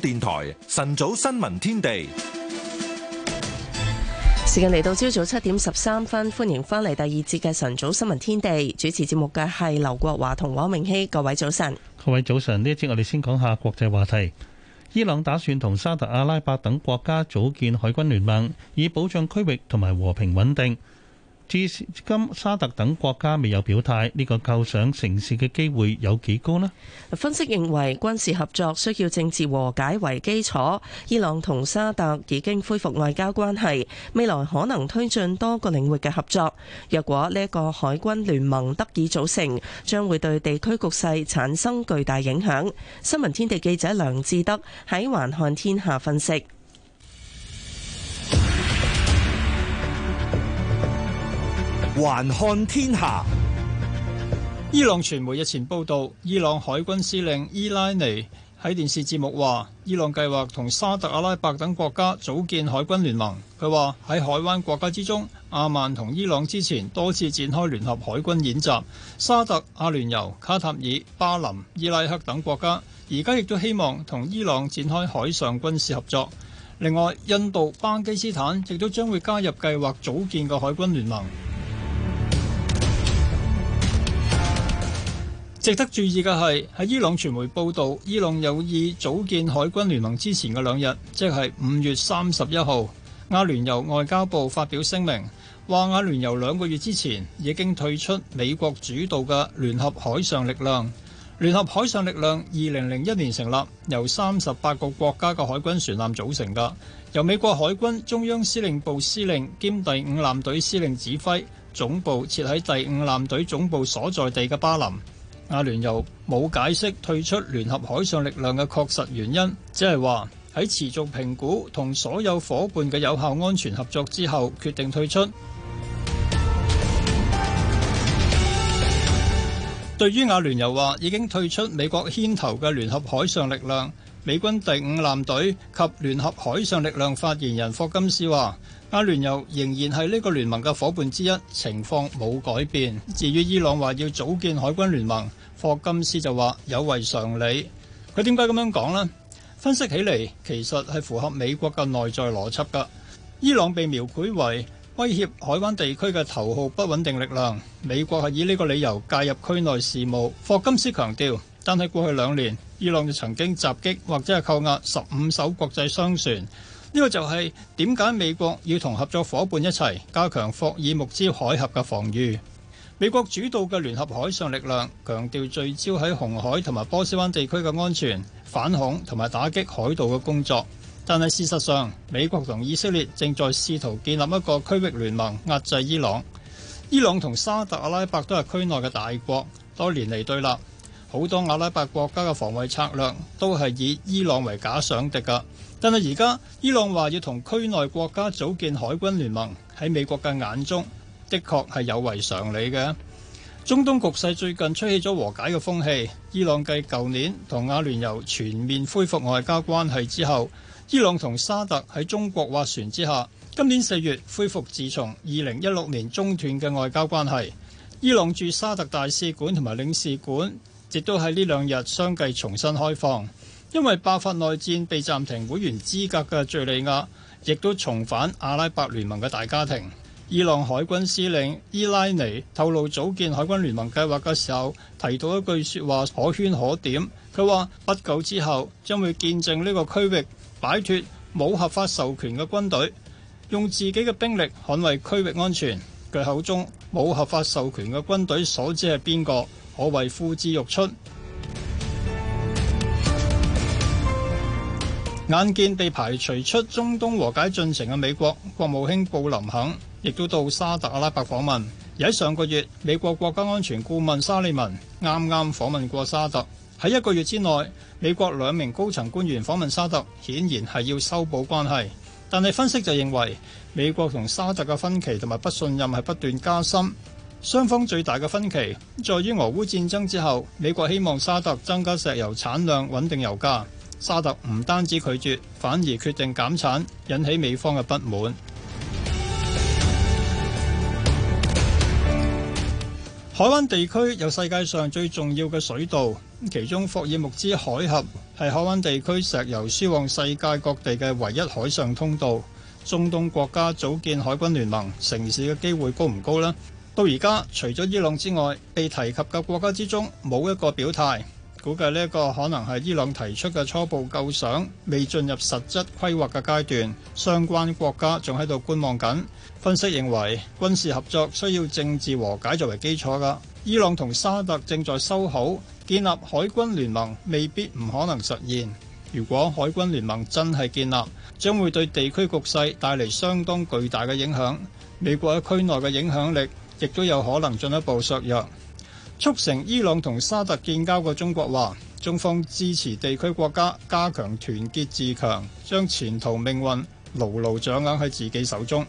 電台晨早新聞天地，時間嚟到朝早七點十三分，歡迎返嚟第二節嘅晨早新聞天地。主持節目嘅係劉國華同黃明希，各位早晨，各位早晨。呢一節我哋先講下國際話題。伊朗打算同沙特阿拉伯等國家組建海軍聯盟，以保障區域同埋和平穩定。至今，沙特等國家未有表態，呢、這個構想成事嘅機會有幾高呢？分析認為，軍事合作需要政治和解為基礎。伊朗同沙特已經恢復外交關係，未來可能推進多個領域嘅合作。若果呢一個海軍聯盟得以組成，將會對地區局勢產生巨大影響。新聞天地記者梁志德喺環看天下分析。還看天下，伊朗傳媒日前報道，伊朗海軍司令伊拉尼喺電視節目話，伊朗計劃同沙特阿拉伯等國家組建海軍聯盟。佢話喺海灣國家之中，阿曼同伊朗之前多次展開聯合海軍演習，沙特、阿聯酋、卡塔爾、巴林、伊拉克等國家而家亦都希望同伊朗展開海上軍事合作。另外，印度、巴基斯坦亦都將會加入計劃組建嘅海軍聯盟。值得注意嘅係，喺伊朗傳媒報道，伊朗有意組建海軍聯盟之前嘅兩日，即係五月三十一號，阿聯酋外交部發表聲明，話阿聯酋兩個月之前已經退出美國主導嘅聯合海上力量。聯合海上力量二零零一年成立，由三十八個國家嘅海軍船艦組成，嘅由美國海軍中央司令部司令兼第五艦隊司令指揮，總部設喺第五艦隊總部所在地嘅巴林。阿聯酋冇解釋退出聯合海上力量嘅確實原因，只係話喺持續評估同所有夥伴嘅有效安全合作之後決定退出。 對於阿聯酋話已經退出美國牽頭嘅聯合海上力量，美軍第五艦隊及聯合海上力量發言人霍金斯話，阿聯酋仍然係呢個聯盟嘅夥伴之一，情況冇改變。至於伊朗話要組建海軍聯盟，霍金斯就話有違常理。佢點解咁樣講呢？分析起嚟，其實係符合美國嘅內在邏輯噶。伊朗被描繪為威脅海灣地區嘅頭號不穩定力量，美國係以呢個理由介入區內事務。霍金斯強調，單係過去兩年，伊朗就曾經襲擊或者係扣押十五艘國際商船。呢個就係點解美國要同合作夥伴一齊加強霍爾木茲海峽嘅防禦。美國主導嘅聯合海上力量強調聚焦喺紅海同埋波斯灣地區嘅安全、反恐同埋打擊海盜嘅工作。但係事實上，美國同以色列正在試圖建立一個區域聯盟，壓制伊朗。伊朗同沙特阿拉伯都係區內嘅大國，多年嚟對立。好多阿拉伯國家嘅防衛策略都係以伊朗為假想敵噶。但係而家，伊朗話要同區內國家組建海軍聯盟，喺美國嘅眼中的確係有違常理嘅。中東局勢最近吹起咗和解嘅風氣，伊朗繼舊年同阿聯酋全面恢復外交關係之後，伊朗同沙特喺中國斡旋之下，今年四月恢復自從二零一六年中斷嘅外交關係。伊朗駐沙特大使館同埋領事館，亦都喺呢兩日相繼重新開放。因為爆發內戰被暫停會員資格嘅敘利亞，亦都重返阿拉伯聯盟嘅大家庭。伊朗海軍司令伊拉尼透露組建海軍聯盟計劃嘅時候，提到一句說話可圈可點。佢話不久之後，將會見證呢個區域擺脫冇合法授權嘅軍隊，用自己嘅兵力捍衛區域安全。佢口中冇合法授權嘅軍隊所指係邊個，可謂呼之欲出。眼見被排除出中東和解進程嘅美國國務卿布林肯，亦都到沙特阿拉伯訪問。而喺上個月，美國國家安全顧問沙利文啱啱訪問過沙特。喺一個月之內，美國兩名高層官員訪問沙特，顯然係要修補關係。但係分析就認為，美國同沙特嘅分歧同埋不信任係不斷加深。雙方最大嘅分歧，在於俄烏戰爭之後，美國希望沙特增加石油產量，穩定油價。沙特唔單止拒絕，反而決定減產，引起美方嘅不滿。 海灣地區有世界上最重要嘅水道，其中霍爾木茲海峽係海灣地區石油輸往世界各地嘅唯一海上通道。中東國家組建海軍聯盟，城市嘅機會高唔高呢？到而家除咗伊朗之外，被提及嘅國家之中冇一個表態。估計呢一個可能係伊朗提出嘅初步構想，未進入實質規劃嘅階段，相關國家仲喺度觀望緊，分析認為軍事合作需要政治和解作為基礎噶。伊朗同沙特正在修好，建立海軍聯盟未必唔可能實現。如果海軍聯盟真係建立，將會對地區局勢帶嚟相當巨大嘅影響，美國喺區內嘅影響力亦都有可能進一步削弱。促成伊朗同沙特建交嘅中國話，中方支持地區國家加強團結自強，將前途命運牢牢掌握喺自己手中。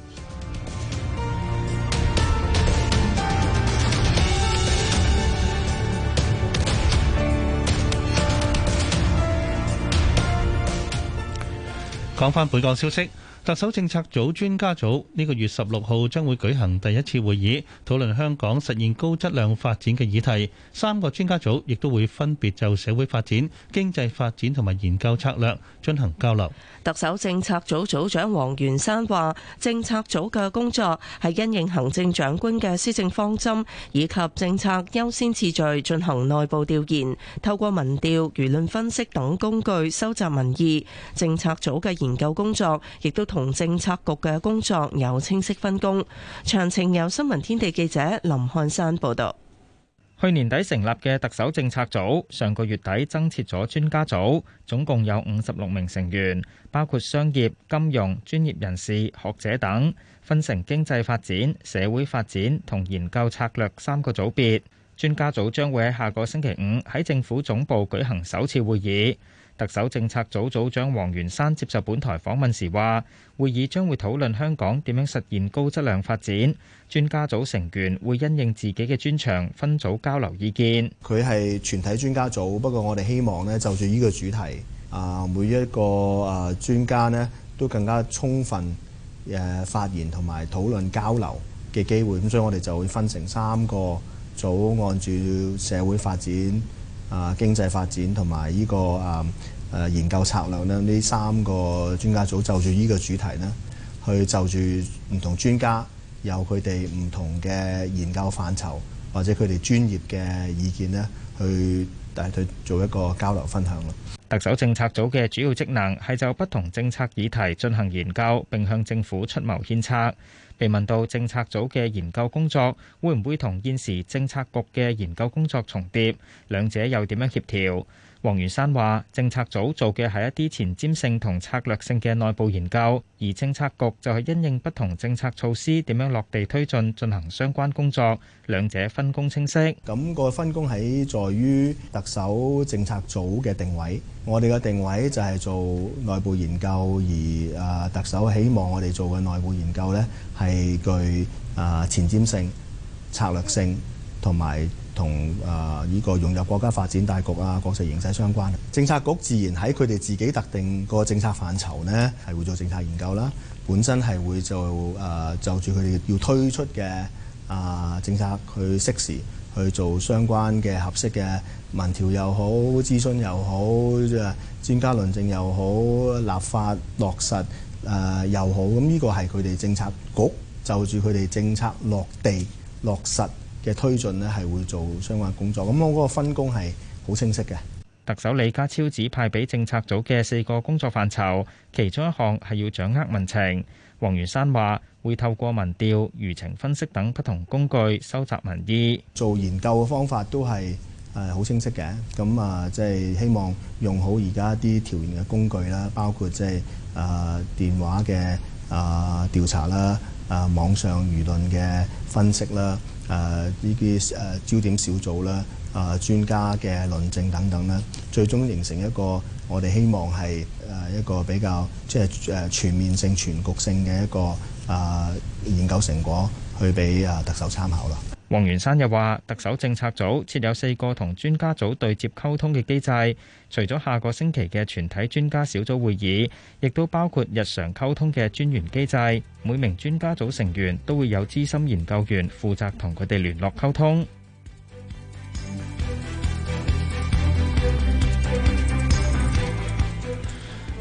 講翻本港消息。特首政策組專家組呢個月十六號將會舉行第一次會議，討論香港實現高質量發展嘅議題。三個專家組亦都會分別就社會發展、經濟發展同埋研究策略進行交流。特首政策組組長黃元山話，政策組嘅工作係因應行政長官嘅施政方針以及政策優先次序進行內部調研，透過民調、輿論分析等工具收集民意。政策組嘅研究工作亦都同同政策局嘅工作有清晰分工。詳情由新聞天地記者林漢山報道。去年底成立嘅特首政策組，上個月底增設咗專家組，總共有五十六名成員，包括商業、金融專業人士、學者等，分成經濟發展、社會發展同研究策略三個組別。專家組將會喺下個星期五喺政府總部舉行首次會議。特首政策組組長黃元山接受本台訪問時話，會議將會討論香港點樣實現高質量發展。專家組成員會因應自己嘅專長分組交流意見，佢係全體專家組，不過，我哋希望呢就住呢個主題啊，每一個啊，專家呢都更加充分，誒發言同埋討論交流嘅機會，咁所以我哋就會分成三個組按住社會發展。啊，經濟發展同埋呢個啊，誒研究策略咧，呢三個專家組就住呢個主題，呢去就住唔同專家，有佢哋唔同嘅研究範疇，或者佢哋專業嘅意見，呢去大佢做一個交流分享。特首政策組嘅主要職能係就不同政策議題進行研究，並向政府出謀獻策。被問到政策組嘅研究工作會唔會同現時政策局嘅研究工作重疊，兩者又點樣協調？黃元山話：政策組做嘅係一啲前瞻性同策略性嘅內部研究，而政策局就係因應不同政策措施點樣落地推進，進行相關工作，兩者分工清晰。咁個分工喺在於特首政策組嘅定位，我哋嘅定位就係做內部研究，而啊特首希望我哋做嘅內部研究呢係具啊前瞻性、策略性同埋。同啊呢個融入國家發展大局啊國際形勢相關，政策局自然喺佢哋自己特定個政策範疇呢，係會做政策研究啦。本身係會做啊就住佢哋要推出嘅啊、呃、政策去，佢適時去做相關嘅合適嘅民調又好，諮詢又好，專家論證又好，立法落實啊、呃、又好。咁呢個係佢哋政策局就住佢哋政策落地落實。嘅推進咧，係會做相關工作。咁我嗰個分工係好清晰嘅。特首李家超指派俾政策組嘅四個工作範疇，其中一項係要掌握民情。黃元山話，會透過民調、輿情分析等不同工具收集民意，做研究嘅方法都係誒好清晰嘅。咁啊，即係希望用好而家啲調研嘅工具啦，包括即係誒電話嘅啊調查啦，啊網上輿論嘅分析啦。誒，呢啲誒焦點小組啦，誒、啊、專家嘅論證等等啦，最終形成一個我哋希望係誒一個比較即係誒全面性、全局性嘅一個誒、啊、研究成果。去俾啊特首參考啦。黃元山又話：特首政策組設有四個同專家組對接溝通嘅機制，除咗下個星期嘅全體專家小組會議，亦都包括日常溝通嘅專員機制。每名專家組成員都會有資深研究員負責同佢哋聯絡溝通。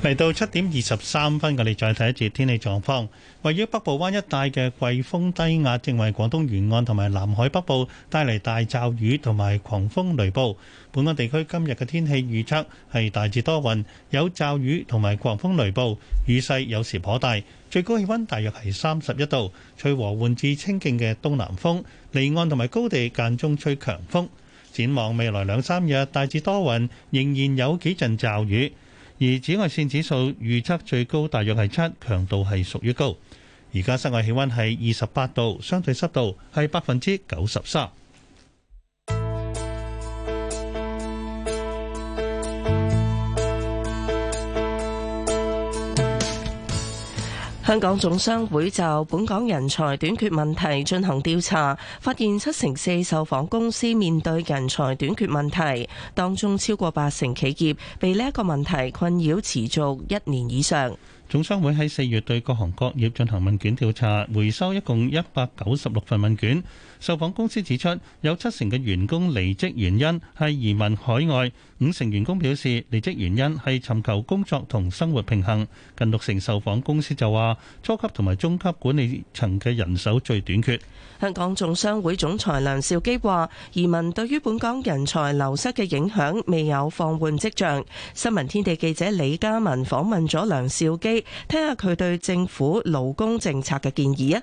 嚟到七點二十三分，我哋再睇一節天氣狀況。位於北部灣一帶嘅季風低壓正為廣東沿岸同埋南海北部帶嚟大驟雨同埋狂風雷暴。本港地區今日嘅天氣預測係大致多雲，有驟雨同埋狂風雷暴，雨勢有時頗大，最高氣温大約係三十一度。吹和緩至清勁嘅東南風，離岸同埋高地間中吹強風。展望未來兩三日，大致多雲，仍然有幾陣驟雨。而紫外線指數預測最高大約係七，強度係屬於高。而家室外氣温係二十八度，相對濕度係百分之九十三。香港總商會就本港人才短缺問題進行調查，發現七成四受訪公司面對人才短缺問題，當中超過八成企業被呢一個問題困擾持續一年以上。總商會喺四月對各行各業進行問卷調查，回收一共一百九十六份問卷。受訪公司指出，有七成嘅員工離職原因係移民海外。五成員工表示，離職原因係尋求工作同生活平衡。近六成受訪公司就話，初級同埋中級管理層嘅人手最短缺。香港眾商會總裁梁兆基話，移民對於本港人才流失嘅影響未有放緩跡象。新聞天地記者李嘉文訪問咗梁兆基，聽下佢對政府勞工政策嘅建議啊。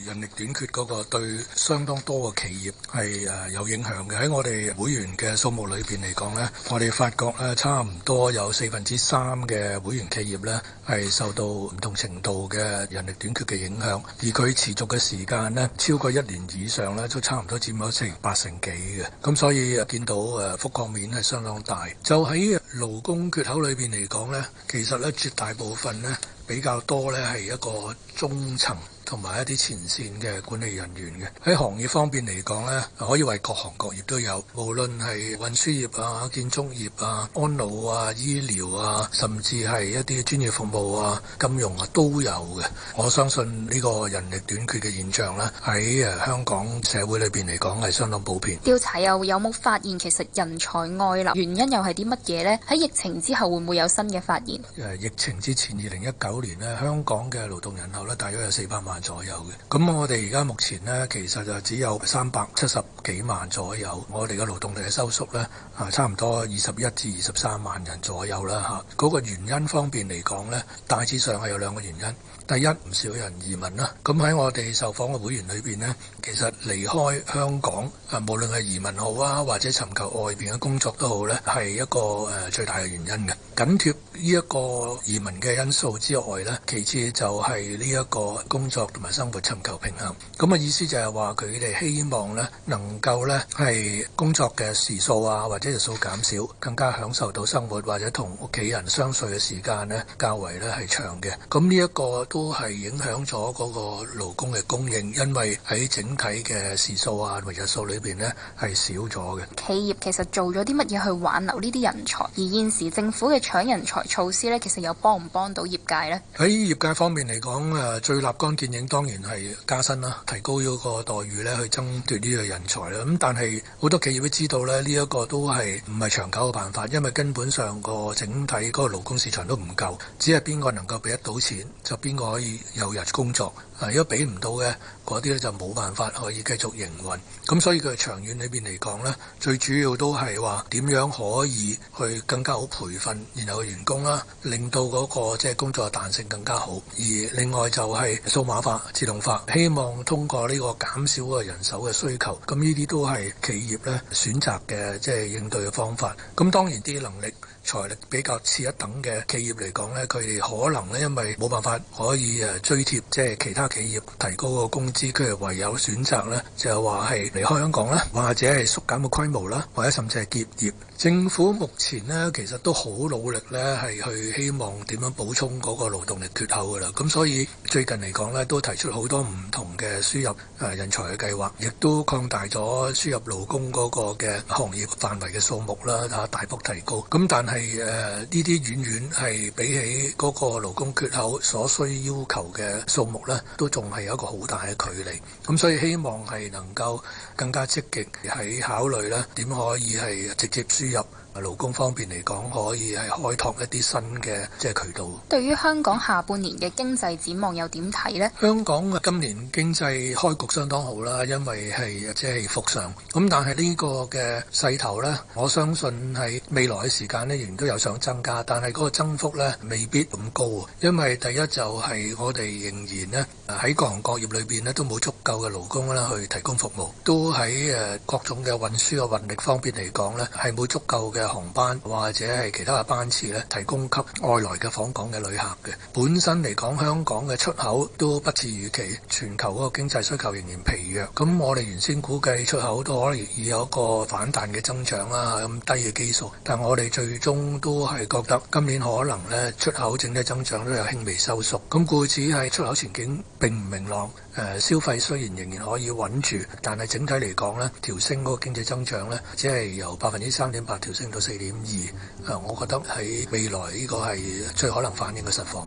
人力短缺嗰個對相當多嘅企業係，誒，有影響嘅。喺我哋會員嘅數目裏邊嚟講呢，我哋發覺咧，差唔多有四分之三嘅會員企業呢係受到唔同程度嘅人力短缺嘅影響，而佢持續嘅時間呢，超過一年以上呢，都差唔多佔咗成八成幾嘅。咁所以誒，見到誒覆蓋面係相當大。就喺勞工缺口裏邊嚟講呢，其實呢絕大部分呢比較多呢係一個中層。同埋一啲前線嘅管理人員嘅。喺行業方面嚟講咧，可以為各行各業都有，無論係運輸業啊、建築業啊、安老啊、醫療啊，甚至係一啲專業服務啊、金融啊都有嘅。我相信呢個人力短缺嘅現象咧，喺誒香港社會裏邊嚟講，係相當普遍。調查又有冇發現其實人才外流原因又係啲乜嘢咧？喺疫情之後會唔會有新嘅發現？誒，疫情之前二零一九年咧，香港嘅勞動人口咧大約有四百萬。左右嘅，咁我哋而家目前呢，其實就只有三百七十幾萬左右，我哋嘅勞動力嘅收縮呢，啊，差唔多二十一至二十三萬人左右啦，嚇。嗰個原因方面嚟講呢，大致上係有兩個原因。第一，唔少人移民啦。咁喺我哋受訪嘅會員裏邊呢，其實離開香港啊，無論係移民好啊，或者尋求外邊嘅工作都好呢，係一個誒最大嘅原因嘅。緊貼呢一個移民嘅因素之外呢，其次就係呢一個工作。同埋生活尋求平衡，咁嘅意思就係話，佢哋希望咧能夠咧係工作嘅時數啊或者日數減少，更加享受到生活或者同屋企人相處嘅時間咧較為咧係長嘅。咁呢一個都係影響咗嗰個勞工嘅供應，因為喺整體嘅時數啊或日數裏邊咧係少咗嘅。企業其實做咗啲乜嘢去挽留呢啲人才？而現時政府嘅搶人才措施咧，其實又幫唔幫到業界咧？喺業界方面嚟講誒最立竿見影。當然係加薪啦，提高咗個待遇咧，去爭奪呢個人才啦。咁但係好多企業都知道咧，呢一個都係唔係長久嘅辦法，因為根本上個整體嗰個勞工市場都唔夠，只係邊個能夠俾得到錢，就邊個可以有日工作。如果俾唔到嘅嗰啲咧，就冇辦法可以繼續營運。咁所以佢長遠裏邊嚟講呢，最主要都係話點樣可以去更加好培訓，然後員工啦，令到嗰個即係工作彈性更加好。而另外就係數碼化、自動化，希望通過呢個減少個人手嘅需求。咁呢啲都係企業呢選擇嘅即係應對嘅方法。咁當然啲能力、財力比較次一等嘅企業嚟講咧，佢哋可能咧，因為冇辦法可以誒追貼，即係其他企業提高個工資，佢哋唯有選擇咧，就係話係離開香港啦，或者係縮減個規模啦，或者甚至係結業。政府目前呢，其實都好努力呢，係去希望點樣補充嗰個勞動力缺口噶啦。咁所以最近嚟講呢，都提出好多唔同嘅輸入誒人才嘅計劃，亦都擴大咗輸入勞工嗰個嘅行業範圍嘅數目啦，嚇大幅提高。咁但係誒呢啲，遠遠係比起嗰個勞工缺口所需要求嘅數目呢，都仲係有一個好大嘅距離。咁所以希望係能夠更加積極，喺考慮咧點可以係直接輸入。勞工方面嚟講，可以係開拓一啲新嘅即係渠道。對於香港下半年嘅經濟展望又點睇呢？香港今年經濟開局相當好啦，因為係即係復常。咁但係呢個嘅勢頭呢，我相信係未來嘅時間呢，仍然都有想增加。但係嗰個增幅呢，未必咁高啊。因為第一就係我哋仍然呢喺各行各業裏邊呢，都冇足夠嘅勞工啦，去提供服務。都喺誒各種嘅運輸嘅運力方面嚟講呢，係冇足夠嘅。嘅航班或者係其他嘅班次咧，提供給外來嘅訪港嘅旅客嘅。本身嚟講，香港嘅出口都不似預期，全球嗰個經濟需求仍然疲弱。咁我哋原先估計出口都可能已有一個反彈嘅增長啦，咁低嘅基數，但我哋最終都係覺得今年可能咧出口整體增長都有輕微收縮。咁故此喺出口前景並唔明朗。呃、消費雖然仍然可以穩住，但係整體嚟講咧，調升嗰個經濟增長咧，只係由百分之三點八調升到四點二。誒、呃，我覺得喺未來呢個係最可能反映嘅實況。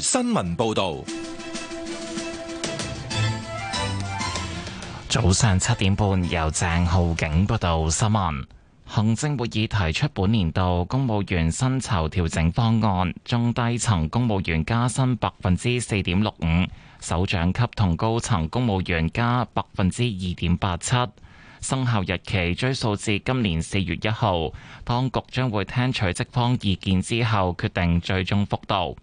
新聞報道，早上七點半由鄭浩景報道新聞。行政會議提出本年度公務員薪酬調整方案，中低層公務員加薪百分之四點六五，首長級同高層公務員加百分之二點八七。生效日期追溯至今年四月一號。當局將會聽取職方意見之後，決定最終幅度。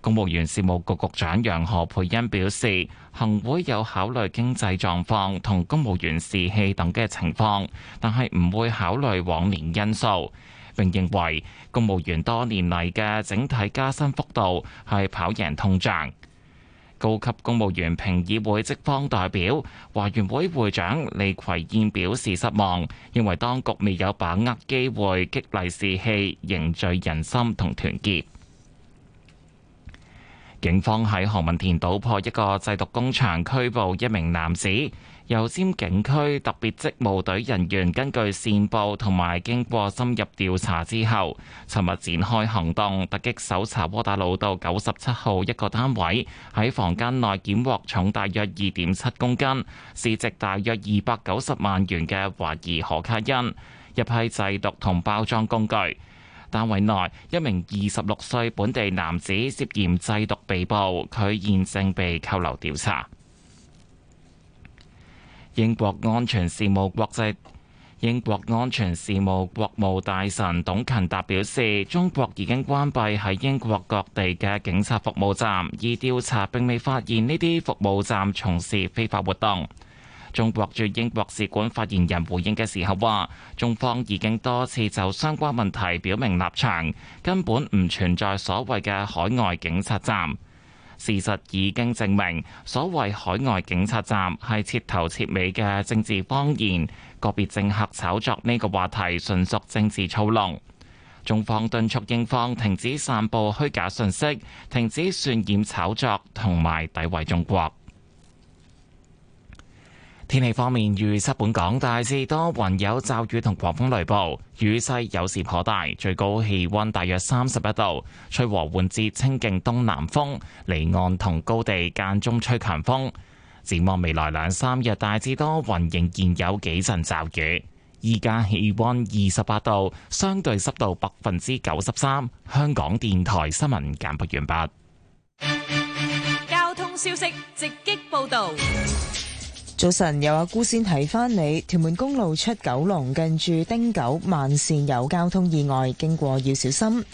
公務員事務局局長楊何佩欣表示，行會有考慮經濟狀況同公務員士氣等嘅情況，但係唔會考慮往年因素。並認為公務員多年嚟嘅整體加薪幅度係跑贏通脹。高級公務員評議會職方代表華員會會長李葵燕表示失望，認為當局未有把握機會激勵士氣、凝聚人心同團結。警方喺何文田搗破一個製毒工場，拘捕一名男子。油尖警區特別職務隊人員根據線報同埋經過深入調查之後，尋日展開行動，突擊搜查窩打老道九十七號一個單位，喺房間內檢獲重大約二點七公斤、市值大約二百九十萬元嘅懷疑可卡因，一批製毒同包裝工具。單位內一名二十六歲本地男子涉嫌製毒被捕，佢現正被扣留調查。英國安全事務國際，英國安全事務國務大臣董勤達表示，中國已經關閉喺英國各地嘅警察服務站，而調查並未發現呢啲服務站從事非法活動。中國駐英國使館發言人回應嘅時候話，中方已經多次就相關問題表明立場，根本唔存在所謂嘅海外警察站。事實已經證明，所謂海外警察站係徹頭徹尾嘅政治謊言。個別政客炒作呢個話題，純屬政治操弄。中方敦促英方停止散佈虛假信息，停止渲染炒作同埋詆毀中國。天氣方面，預測本港大致多雲，有驟雨同狂風雷暴，雨勢有時頗大，最高氣溫大約三十一度，吹和緩至清勁東南風，離岸同高地間中吹強風。展望未來兩三日，大致多雲，仍然有幾陣驟雨。依家氣溫二十八度，相對濕度百分之九十三。香港電台新聞簡報完畢。交通消息直擊報道。早晨，有阿姑先睇翻你。屯門公路出九龍近住汀九慢線有交通意外，經過要小心。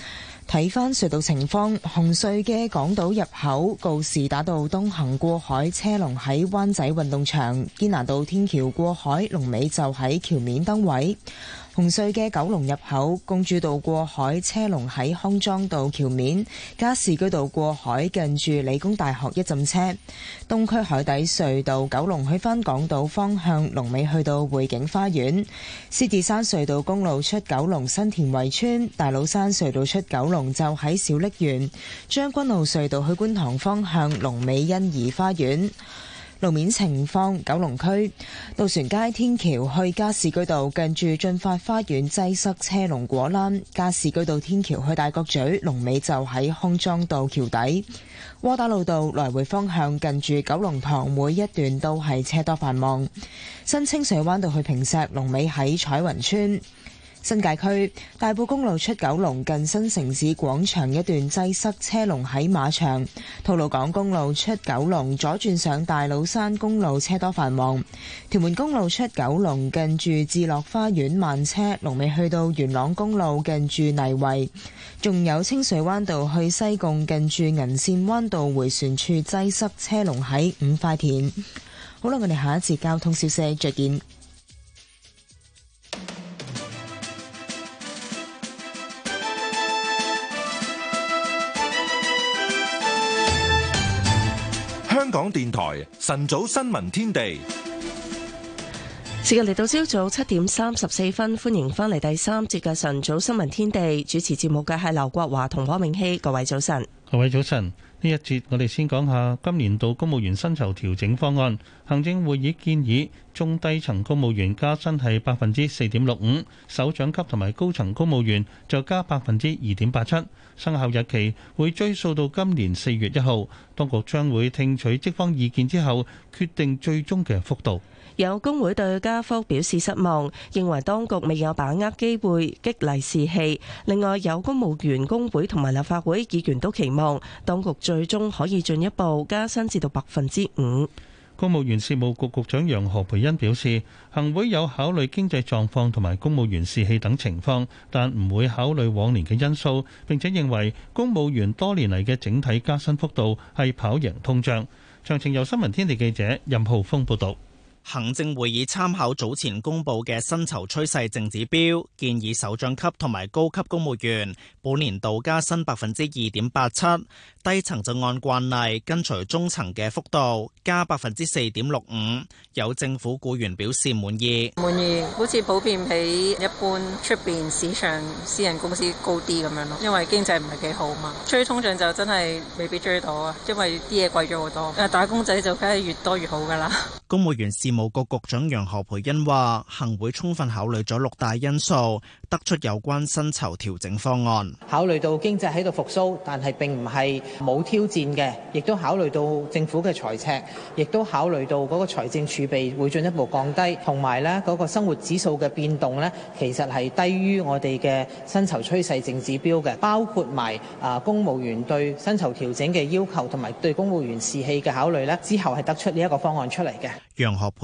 睇翻隧道情況，紅隧嘅港島入口告士打道東行過海車龍喺灣仔運動場，堅拿道天橋過海龍尾就喺橋面燈位。紅隧嘅九龍入口，公主道過海車龍喺康莊道橋面；加士居道過海近住理工大學一浸車。東區海底隧道九龍去返港島方向，龍尾去到匯景花園。獅子山隧道公路出九龍新田圍村，大老山隧道出九龍就喺小瀝源。將軍澳隧道去觀塘方向，龍尾欣怡花園。路面情況：九龍區渡船街天橋去加士居道，近住駿發花園擠塞車龍果欄；加士居道天橋去大角咀，龍尾就喺康莊道橋底；窩打老道來回方向近住九龍塘，每一段都係車多繁忙；新清水灣道去坪石，龍尾喺彩雲村。新界區大埔公路出九龍近新城市廣場一段擠塞車龍喺馬場，吐露港公路出九龍左轉上大老山公路車多繁忙，屯門公路出九龍近住置樂花園慢車，龍尾去到元朗公路近住泥圍，仲有清水灣道去西貢近住銀線灣道回旋處擠塞車龍喺五塊田。好啦，我哋下一節交通消息，再見。港電台晨早新聞天地。時間嚟到朝早七點三十四分，歡迎翻嚟第三節嘅晨早新聞天地。主持節目嘅係劉國華同何明熙。各位早晨。各位早晨，呢一節我哋先講下今年度公務員薪酬調整方案。行政會議建議中低層公務員加薪係百分之四點六五，首長級同埋高層公務員就加百分之二點八七。生效日期會追溯到今年四月一號，當局將會聽取職方意見之後，決定最終嘅幅度。有工會對加幅表示失望，認為當局未有把握機會激勵士氣。另外，有公務員工會同埋立法會議員都期望當局最終可以進一步加薪至到百分之五。公務員事務局局長楊何培恩表示，行會有考慮經濟狀況同埋公務員士氣等情況，但唔會考慮往年嘅因素。並且認為公務員多年嚟嘅整體加薪幅度係跑贏通脹。詳情由新聞天地記者任浩峰報導。行政會議參考早前公布嘅薪酬趨勢淨指標，建議首長級同埋高級公務員本年度加薪百分之二點八七，低層就按慣例跟隨中層嘅幅度加百分之四點六五。有政府僱員表示滿意，滿意好似普遍比一般出面市場私人公司高啲咁樣咯，因為經濟唔係幾好嘛，追通脹就真係未必追到啊，因為啲嘢貴咗好多。打工仔就梗係越多越好噶啦， 公務員是。務局局長楊何蓓茵話，行會充分考慮咗六大因素，得出有關薪酬調整方案。考慮到經濟喺度復蘇，但係並唔係冇挑戰嘅，亦都考慮到政府嘅財赤，亦都考慮到嗰個財政儲備會進一步降低，同埋呢，嗰個生活指數嘅變動呢，其實係低於我哋嘅薪酬趨勢淨指標嘅。包括埋啊公務員對薪酬調整嘅要求，同埋對公務員士氣嘅考慮呢，之後係得出呢一個方案出嚟嘅。楊何蓓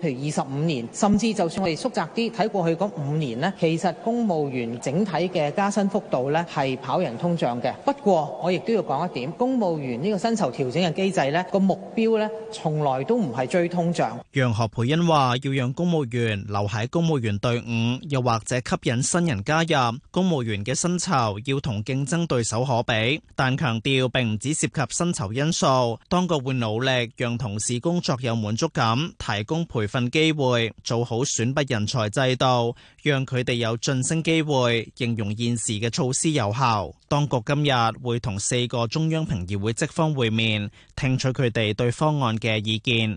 譬如二十五年，甚至就算我哋縮窄啲，睇過去嗰五年咧，其實公務員整體嘅加薪幅度咧係跑贏通脹嘅。不過我亦都要講一點，公務員呢個薪酬調整嘅機制咧，個目標咧從來都唔係追通脹。楊何蓓茵話：要讓公務員留喺公務員隊伍，又或者吸引新人加入，公務員嘅薪酬要同競爭對手可比，但強調並唔止涉及薪酬因素。當局會努力讓同事工作有滿足感，提供培份機會做好選拔人才制度，讓佢哋有晉升機會。形容現時嘅措施有效，當局今日會同四個中央評議會職方會面，聽取佢哋對方案嘅意見。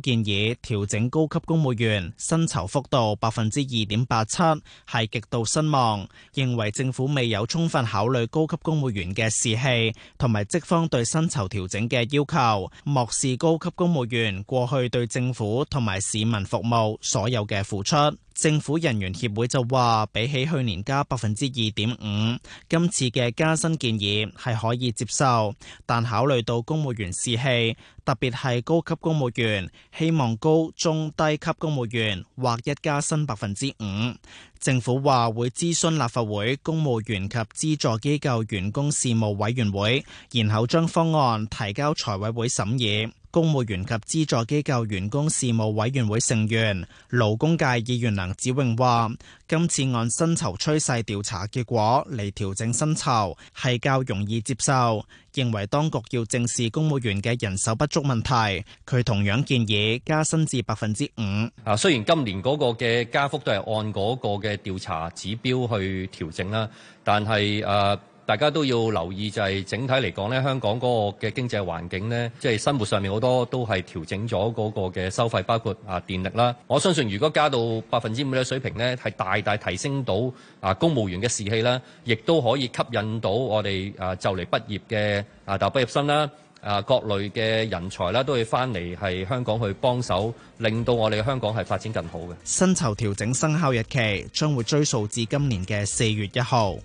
建議調整高級公務員薪酬幅度百分之二點八七係極度失望，認為政府未有充分考慮高級公務員嘅士氣同埋職方對薪酬調整嘅要求，漠視高級公務員過去對政府同埋市民服務所有嘅付出。政府人員協會就話，比起去年加百分之二點五，今次嘅加薪建議係可以接受，但考慮到公務員士氣，特別係高級公務員，希望高中低級公務員或一加薪百分之五。政府話會諮詢立法會公務員及資助機構員工事務委員會，然後將方案提交財委會審議。公務員及資助機構員工事務委員會成員勞工界議員梁子穎話，今次按薪酬趨勢調查結果嚟調整薪酬係較容易接受，認為當局要正視公務員嘅人手不足問題。佢同樣建議加薪至百分之五。啊，雖然今年嗰個嘅加幅都係按嗰個嘅調查指標去調整啦，但係啊。呃大家都要留意，就係整體嚟講咧，香港嗰個嘅經濟環境咧，即係生活上面好多都係調整咗嗰個嘅收費，包括啊電力啦。我相信如果加到百分之五嘅水平咧，係大大提升到啊公務員嘅士氣啦，亦都可以吸引到我哋啊就嚟畢業嘅啊大學畢業生啦，啊各類嘅人才啦，都會翻嚟係香港去幫手，令到我哋香港係發展更好嘅。薪酬調整生效日期將會追溯至今年嘅四月一號。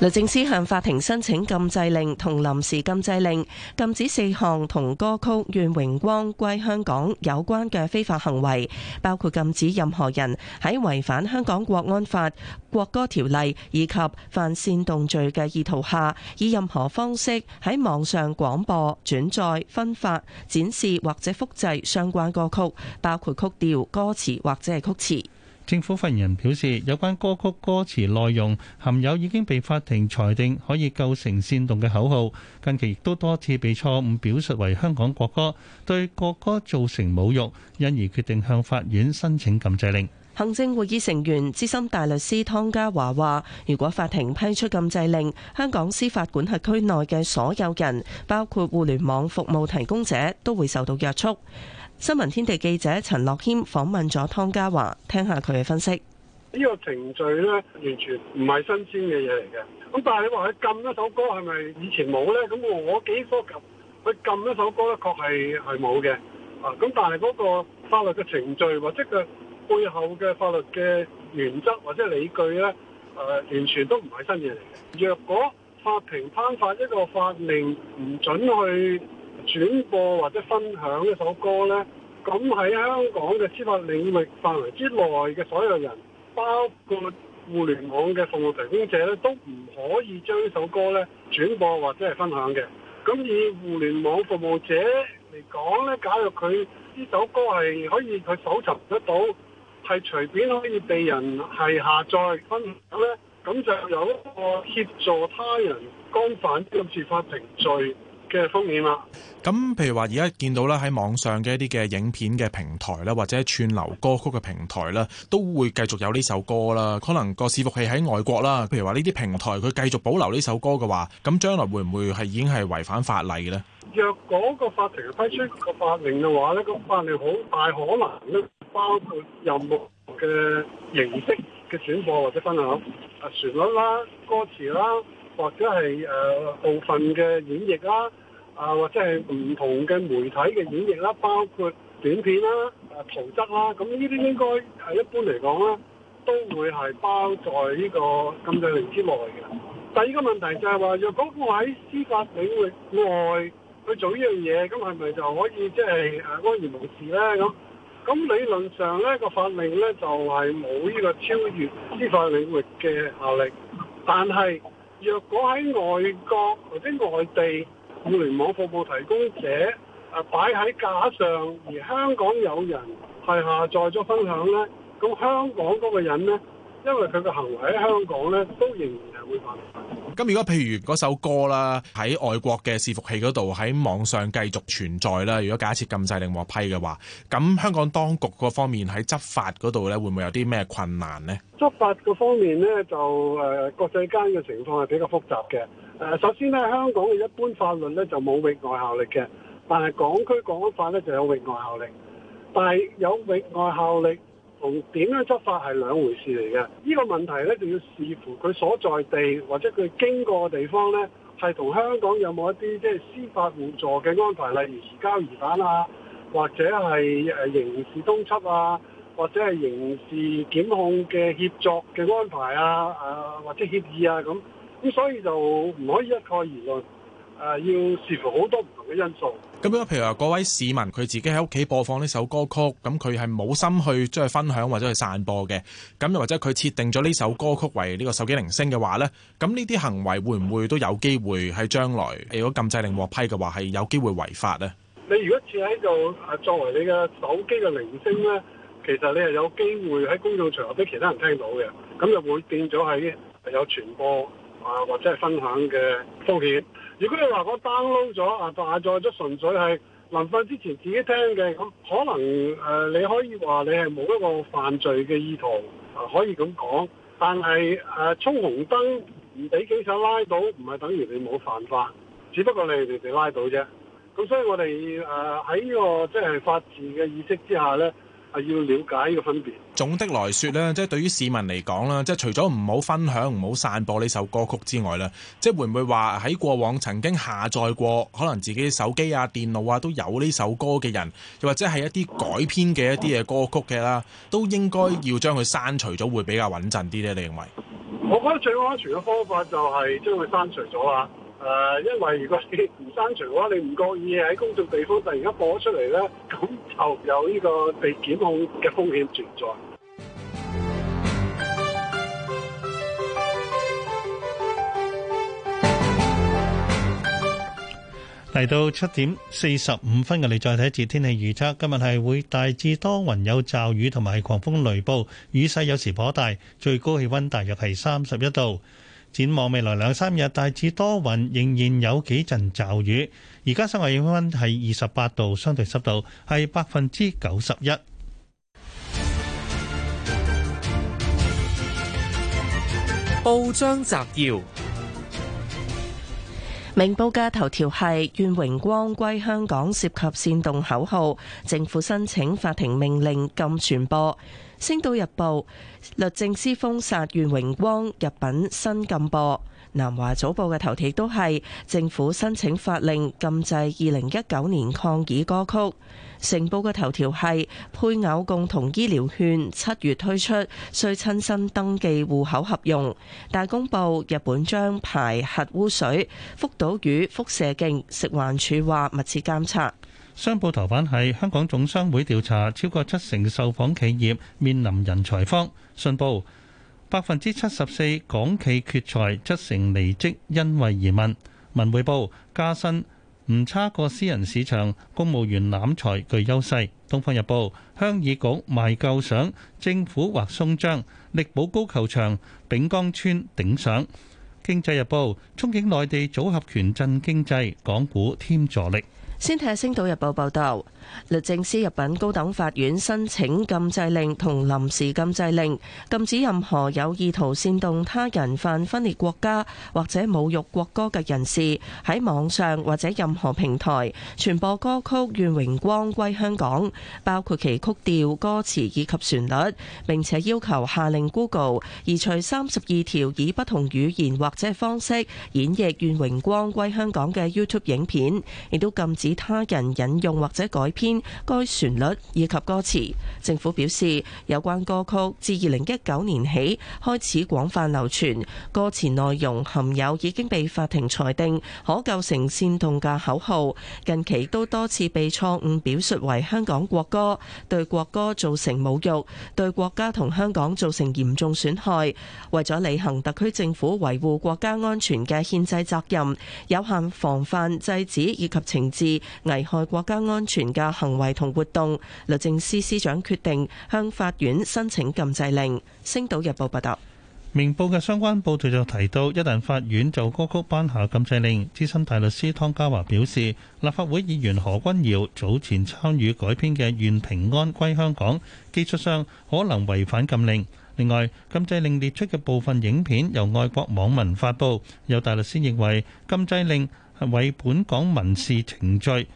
律政司向法庭申請禁制令同臨時禁制令，禁止四項同歌曲《願榮光歸香港》有關嘅非法行為，包括禁止任何人喺違反香港國安法、國歌條例以及犯煽動罪嘅意圖下，以任何方式喺網上廣播、轉載、分發、展示或者複製相關歌曲，包括曲調、歌詞或者係曲詞。政府發言人表示，有關歌曲歌詞內容含有已經被法庭裁定可以構成煽動嘅口號，近期亦都多次被錯誤表述為香港國歌，對國歌造成侮辱，因而決定向法院申請禁制令。行政會議成員資深大律師湯家驊話，如果法庭批出禁制令，香港司法管轄區內嘅所有人，包括互聯網服務提供者，都會受到約束。新聞天地記者陳樂謙訪問咗湯家驊，聽下佢嘅分析。呢個程序咧，完全唔係新鮮嘅嘢嚟嘅。咁但係你話佢撳一首歌係咪以前冇咧？咁我幾科撳去撳一首歌咧，確係係冇嘅。啊，咁但係嗰個法律嘅程序或者佢背後嘅法律嘅原則或者理據咧，誒、呃，完全都唔係新嘢嚟嘅。若果法庭頒發一個法令唔准去，轉播或者分享呢首歌呢，咁喺香港嘅司法領域範圍之內嘅所有人，包括互聯網嘅服務提供者咧，都唔可以將呢首歌呢轉播或者係分享嘅。咁以互聯網服務者嚟講呢，假若佢呢首歌係可以佢搜尋得到，係隨便可以被人係下載分享呢，咁就有一個協助他人光犯呢個司法程序。嘅風險啦，咁譬如話，而家見到咧喺網上嘅一啲嘅影片嘅平台啦，或者串流歌曲嘅平台啦，都會繼續有呢首歌啦。可能個伺服器喺外國啦，譬如話呢啲平台佢繼續保留呢首歌嘅話，咁將來會唔會係已經係違反法例嘅咧？若果個法庭批出個法令嘅話咧，咁法令好大可能咧，包括任何嘅形式嘅轉播或者分享啊、旋律啦、歌詞啦、啊，或者係誒、呃、部分嘅演繹啦、啊。啊，或者係唔同嘅媒體嘅演繹啦，包括短片啦、圖則啦，咁呢啲應該係一般嚟講咧，都會係包在呢個禁制令之內嘅。第二個問題就係話，若果我喺司法領域外去做呢樣嘢，咁係咪就可以即係安然無事咧？咁咁理論上咧，個法令咧，就係冇呢個超越司法領域嘅效力，但係若果喺外國或者外地，互聯網服務提供者誒、擺喺架上，而香港有人係下載咗分享呢，咁香港嗰個人呢，因為佢嘅行為喺香港呢，都仍然係會犯法。咁如果譬如嗰首歌啦，喺外國嘅伺服器嗰度喺網上繼續存在啦，如果假設禁制令獲批嘅話，咁香港當局嗰方面喺執法嗰度呢，會唔會有啲咩困難呢？執法嘅方面呢，就誒、呃、國際間嘅情況係比較複雜嘅。誒、呃、首先咧，香港嘅一般法律咧就冇域外效力嘅，但係港區港法咧就有域外效力。但係有域外效力同點樣執法係兩回事嚟嘅。呢、這個問題咧就要視乎佢所在地或者佢經過嘅地方咧，係同香港有冇一啲即係司法援助嘅安排，例如移交疑犯啊，或者係誒刑事通緝啊，或者係刑事檢控嘅協作嘅安排啊，誒、啊、或者協議啊咁。咁所以就唔可以一概而論，誒、呃、要視乎好多唔同嘅因素。咁樣，譬如話嗰位市民佢自己喺屋企播放呢首歌曲，咁佢係冇心去將佢分享或者去散播嘅，咁又或者佢設定咗呢首歌曲為呢個手機鈴聲嘅話，咧，咁呢啲行為會唔會都有機會喺將來，如果禁制令獲批嘅話，係有機會違法咧？你如果設喺度作為你嘅手機嘅鈴聲咧，其實你係有機會喺公眾場合俾其他人聽到嘅，咁又會變咗係有傳播。啊，或者係分享嘅風險。如果你話我 download 咗啊，下載咗純粹係臨瞓之前自己聽嘅，咁可能誒、呃，你可以話你係冇一個犯罪嘅意圖，啊、可以咁講。但係誒，衝、呃、紅燈唔俾警察拉到，唔係等於你冇犯法，只不過你未被拉到啫。咁所以我哋誒喺呢個即係、就是、法治嘅意識之下咧，係要了解呢個分別。總的來說咧，即係對於市民嚟講啦，即係除咗唔好分享、唔好散播呢首歌曲之外咧，即係會唔會話喺過往曾經下載過，可能自己手機啊、電腦啊都有呢首歌嘅人，又或者係一啲改編嘅一啲嘅歌曲嘅啦，都應該要將佢刪除咗，會比較穩陣啲咧？你認為？我覺得最安全嘅方法就係將佢刪除咗啦。誒，因為如果你唔刪除嘅話，你唔覺意喺公眾地方突然間播出嚟呢，咁就有呢個被檢控嘅風險存在。嚟 到七點四十五分嘅你，再睇一次天氣預測。今日係會大致多雲有驟雨同埋狂風雷暴，雨勢有時頗大，最高氣温大約係三十一度。展望未來兩三日，大致多雲，仍然有幾陣驟雨。而家室外氣温係二十八度，相對濕度係百分之九十一。報章摘要。明報嘅頭條係：願榮光歸香港涉及煽動口號，政府申請法庭命令禁傳播。星島日報律政司封殺願榮光，日品新禁播。南華早報嘅頭條都係政府申請法令禁制二零一九年抗議歌曲。成報嘅頭條係配偶共同醫療券七月推出，需親身登記戶口合用。大公報日本將排核污水，福島魚輻射徑，食環署話密切監察。商報頭版係香港總商會調查，超過七成受訪企業面臨人才荒。信報百分之七十四港企缺才，七成離職因為移民。文匯報加薪。唔差過私人市場，公務員攬財具優勢。《東方日報》鄉議局賣舊橋，政府或鬆章，力保高球場。丙江村頂上。《經濟日報》憧憬內地組合拳振經濟，港股添助力。先睇下《星島日報》報導。律政司入稟高等法院申請禁制令同臨時禁制令，禁止任何有意圖煽動他人犯分裂國家或者侮辱國歌嘅人士喺網上或者任何平台傳播歌曲《願榮光歸香港》，包括其曲調、歌詞以及旋律。並且要求下令 Google 移除三十二條以不同語言或者方式演繹《願榮光歸香港》嘅 YouTube 影片，亦都禁止他人引用或者改。篇該旋律以及歌詞。政府表示，有關歌曲自二零一九年起開始廣泛流傳，歌詞內容含有已經被法庭裁定可構成煽動嘅口號，近期都多次被錯誤表述為香港國歌，對國歌造成侮辱，對國家同香港造成嚴重損害。為咗履行特區政府維護國家安全嘅憲制責任，有限防範、制止以及懲治危害國家安全嘅嘅行為同活動，律政司司長決定向法院申請禁制令。星島日報報道，明報嘅相關報導就提到，一旦法院就歌曲頒下禁制令，資深大律師湯家驊表示，立法會議員何君堯早前參與改編嘅《願平安歸香港》，技術上可能違反禁令。另外，禁制令列出嘅部分影片由外國網民發布，有大律師認為禁制令係為本港民事程序。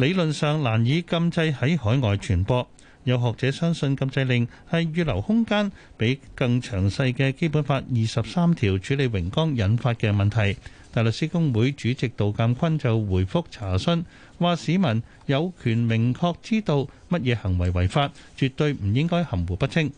理論上難以禁制喺海外傳播。有學者相信禁制令係預留空間，畀更詳細嘅基本法二十三條處理榮光引發嘅問題。大律師公會主席杜鑑坤就回覆查詢，話市民有權明確知道乜嘢行為違法，絕對唔應該含糊不清。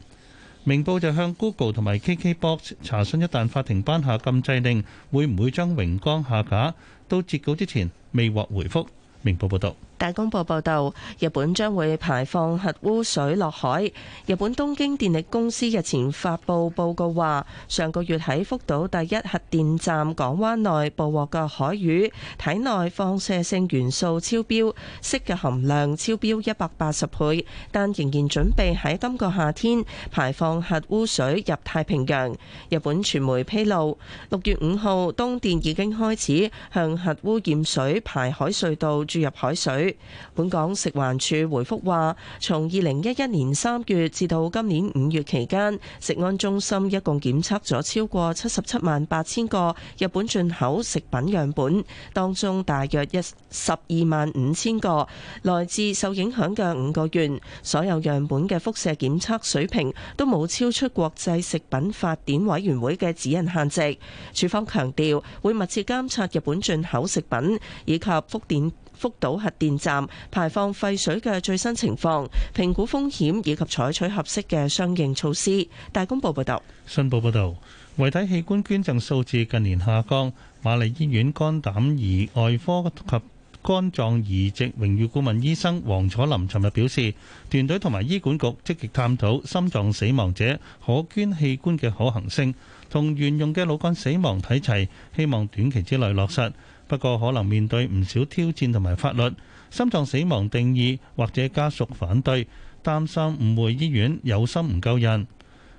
明報就向 Google 同埋 KKBOX 查詢，一旦法庭頒下禁制令，會唔會將榮光下架？到截稿之前未獲回覆。明報報導。大公報報導，日本將會排放核污水落海。日本東京電力公司日前發佈報告話，上個月喺福島第一核電站港灣內捕獲嘅海魚，體內放射性元素超標，銫嘅含量超標一百八十倍，但仍然準備喺今個夏天排放核污水入太平洋。日本傳媒披露，六月五號，東電已經開始向核污染水排海隧道注入海水。本港食環署回覆話，從二零一一年三月至到今年五月期間，食安中心一共檢測咗超過七十七萬八千個日本進口食品樣本，當中大約一十二萬五千個來自受影響嘅五個縣，所有樣本嘅輻射檢測水平都冇超出國際食品法典委員會嘅指引限值。署方強調會密切監察日本進口食品以及複檢。福島核電站排放廢水嘅最新情況，評估風險以及採取合適嘅相應措施。大公報報導，新報報導，遺體器官捐贈數字近年下降。瑪麗醫院肝膽胰外科及肝臟移植榮譽顧問醫生黃楚林尋日表示，團隊同埋醫管局積極探討心臟死亡者可捐器官嘅可行性，同沿用嘅腦幹死亡睇齊，希望短期之內落實。不過可能面對唔少挑戰同埋法律，心臟死亡定義或者家屬反對，擔心誤會醫院有心唔救人。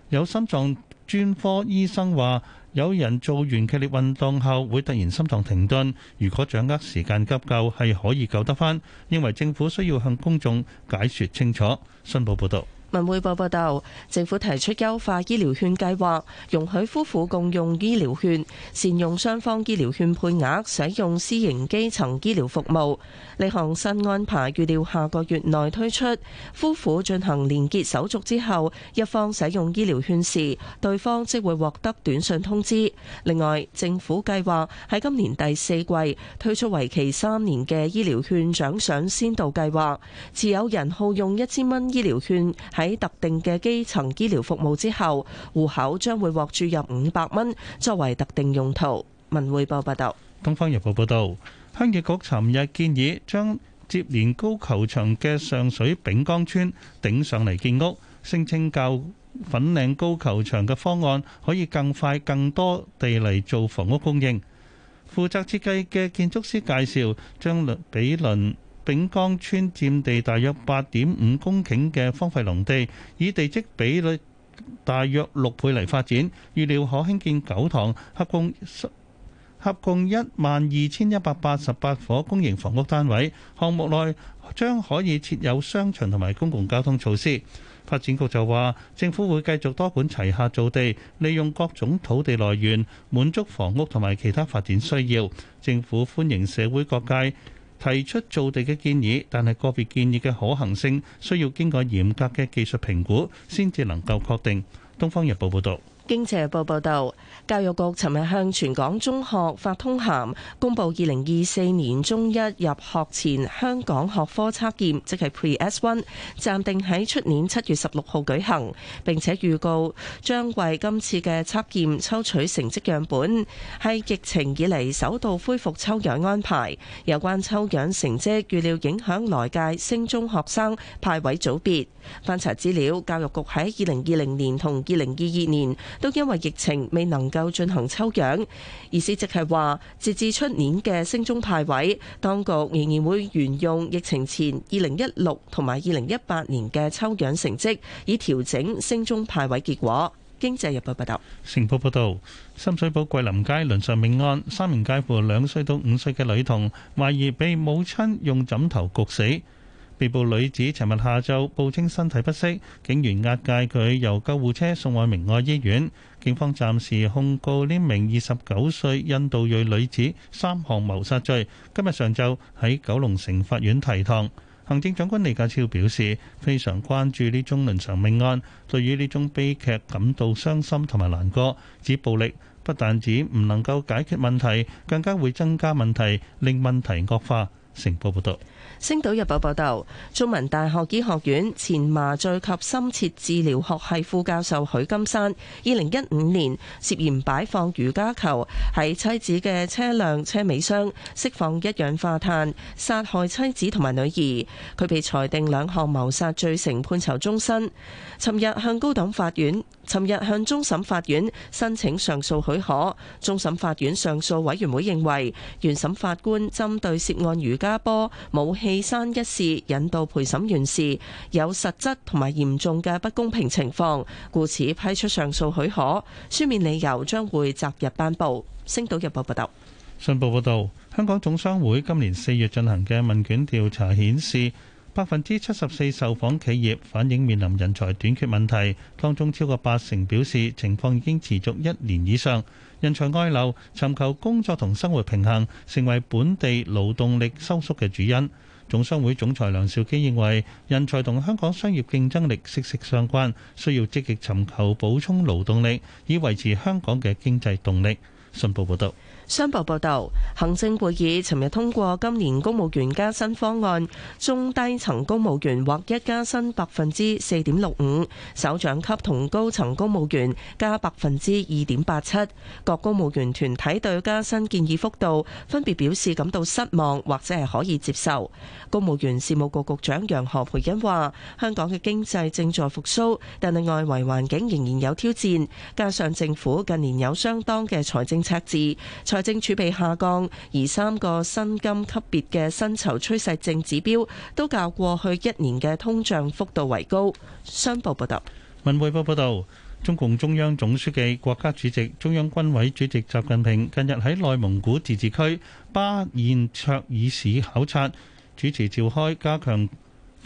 有心臟專科醫生話，有人做完劇烈運動後會突然心臟停頓，如果掌握時間急救係可以救得返，認為政府需要向公眾解說清楚。新報報道。文匯報報道，政府提出優化醫療券計劃，容許夫婦共用醫療券，善用雙方醫療券配額，使用私營基層醫療服務。呢項新安排預料下個月內推出。夫婦進行連結手續之後，一方使用醫療券時，對方即會獲得短信通知。另外，政府計劃喺今年第四季推出為期三年嘅醫療券獎賞先導計劃，持有人耗用一千蚊醫療券喺喺特定嘅基層醫療服務之後，戶口將會獲注入五百蚊，作為特定用途。文匯報報道，東方日報報道，鄉議局尋日建議將接連高球場嘅上水丙崗村頂上嚟建屋，聲稱較粉嶺高球場嘅方案可以更快更多地嚟做房屋供應。負責設計嘅建築師介紹，將論比論。丙崗村佔地大約八點五公頃嘅荒廢農地，以地積比率大約六倍嚟發展，預料可興建九幢，合共合共一萬二千一百八十八伙公營房屋單位。項目內將可以設有商場同埋公共交通措施。發展局就話，政府會繼續多管齊下造地，利用各種土地來源滿足房屋同埋其他發展需要。政府歡迎社會各界。提出造地嘅建議，但係個別建議嘅可行性需要經過嚴格嘅技術評估先至能夠確定。《東方日報》報道。經濟日報報道，教育局尋日向全港中學發通函，公布二零二四年中一入學前香港學科測驗，即係 Pre S One，暫定喺出年七月十六號舉行，並且預告將為今次嘅測驗抽取成績樣本，係疫情以嚟首度恢復抽樣安排。有關抽樣成績預料影響來屆升中學生派位組別。翻查資料，教育局喺二零二零年同二零二二年。都因為疫情未能夠進行抽樣，意思即係話，截至出年嘅升中派位，當局仍然會沿用疫情前二零一六同埋二零一八年嘅抽樣成績，以調整升中派位結果。經濟日報報道。成報報道，深水埗桂林街倫常命案，三名介乎兩歲到五歲嘅女童，懷疑被母親用枕頭焗死。被捕女子尋日下晝報稱身體不適，警員押解佢由救護車送往明愛醫院。警方暫時控告呢名二十九歲印度裔女子三項謀殺罪。今日上晝喺九龍城法院提堂。行政長官李家超表示，非常關注呢宗倫常命案，對於呢宗悲劇感到傷心同埋難過，指暴力不但止唔能夠解決問題，更加會增加問題，令問題惡化。成報報道。星島日報報導，中文大學醫學院前麻醉及深切治療學系副教授許金山，二零一五年涉嫌擺放瑜伽球喺妻子嘅車輛車尾箱，釋放一氧化碳，殺害妻子同埋女兒。佢被裁定兩項謀殺罪成，判囚終身。尋日向高等法院。尋日向終審法院申請上訴許可，終審法院上訴委員會認為，原審法官針對涉案瑜伽波武器山一事引導陪審員時，有實質同埋嚴重嘅不公平情況，故此批出上訴許可，書面理由將會擇日頒布。星島日報報道，信報報道，香港總商會今年四月進行嘅問卷調查顯示。百分之七十四受訪企業反映，面臨人才短缺問題，當中超過八成表示情況已經持續一年以上。人才外流、尋求工作同生活平衡，成為本地勞動力收縮嘅主因。總商會總裁梁兆基認為，人才同香港商業競爭力息息相關，需要積極尋求補充勞動力，以維持香港嘅經濟動力。信報報道。商報報道，行政會議尋日通過今年公務員加薪方案，中低層公務員獲一加薪百分之四點六五，首長級同高層公務員加百分之二點八七。各公務員團體對加薪建議幅度分別表示感到失望或者係可以接受。公務員事務局局長楊何蓓茵話，香港嘅經濟正在復蘇，但係外圍環境仍然有挑戰，加上政府近年有相當嘅財政赤字。財政儲備下降，而三個薪金級別嘅薪酬趨勢正指標都較過去一年嘅通脹幅度為高。商報報道，文匯報報道，中共中央總書記、國家主席、中央軍委主席習近平近日喺內蒙古自治區巴彥淖爾市考察，主持召開加強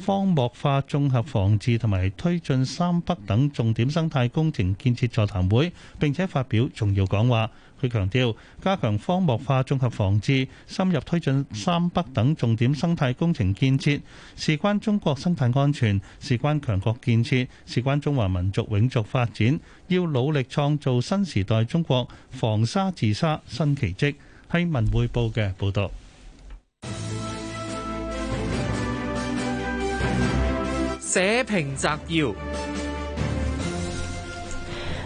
荒漠化綜合防治同埋推進三北等重點生態工程建設座談會，並且發表重要講話。佢強調加強荒漠化綜合防治，深入推進三北等重點生態工程建設，事關中國生態安全，事關強國建設，事關中華民族永續發展，要努力創造新時代中國防沙治沙新奇蹟。係文匯報嘅報導，社評摘要。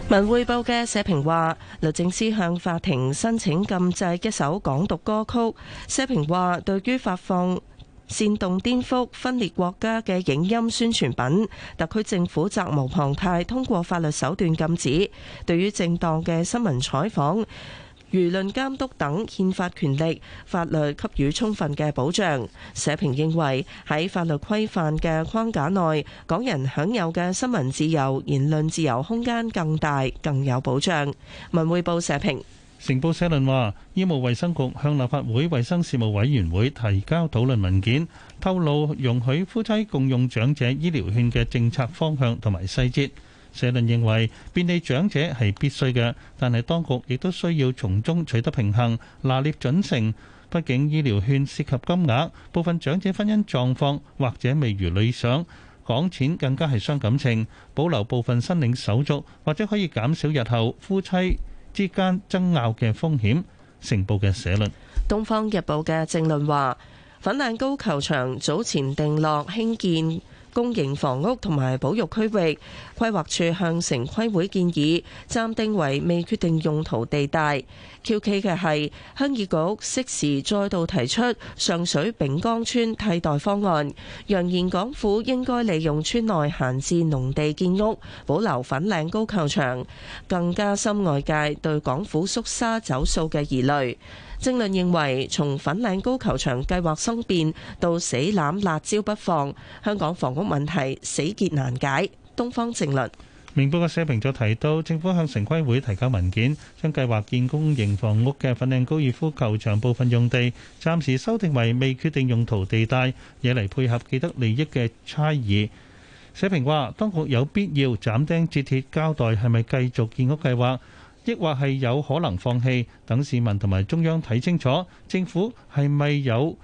文匯報嘅社評話，律政司向法庭申請禁制一首港獨歌曲。社評話，對於發放煽動顛覆分裂國家嘅影音宣傳品，特區政府責無旁貸，通過法律手段禁止。對於正當嘅新聞採訪。輿論監督等憲法權利，法律給予充分嘅保障。社評認為喺法律規範嘅框架內，港人享有嘅新聞自由、言論自由空間更大、更有保障。文匯報社評。成報社論話，醫務衛生局向立法會衞生事務委員會提交討論文件，透露容許夫妻共用長者醫療券嘅政策方向同埋細節。社論認為便利長者係必須嘅，但係當局亦都需要從中取得平衡，拿捏準繩。畢竟醫療券涉及金額，部分長者婚姻狀況或者未如理想，講錢更加係傷感情。保留部分申領手續，或者可以減少日後夫妻之間爭拗嘅風險。成報嘅社論。《東方日報》嘅政論正論話：粉嶺高球場早前定落興建。公營房屋同埋保育區域規劃處向城規會建議暫定為未決定用途地帶。蹊蹺嘅係，鄉議局適時再度提出上水丙崗村替代方案，揚言港府應該利用村內閒置農地建屋，保留粉嶺高球場，更加深外界對港府縮沙走數嘅疑慮。政論認為，從粉嶺高球場計劃生變到死攬辣椒不放，香港房屋問題死結難解。東方正論。明報嘅社評就提到，政府向城規會提交文件，將計劃建公營房屋嘅粉嶺高爾夫球場部分用地暫時修訂為未決定用途地帶，惹嚟配合既得利益嘅猜疑。社評話，當局有必要斬釘截鐵交代係咪繼續建屋計劃。抑或係有可能放棄？等市民同埋中央睇清楚，政府係咪有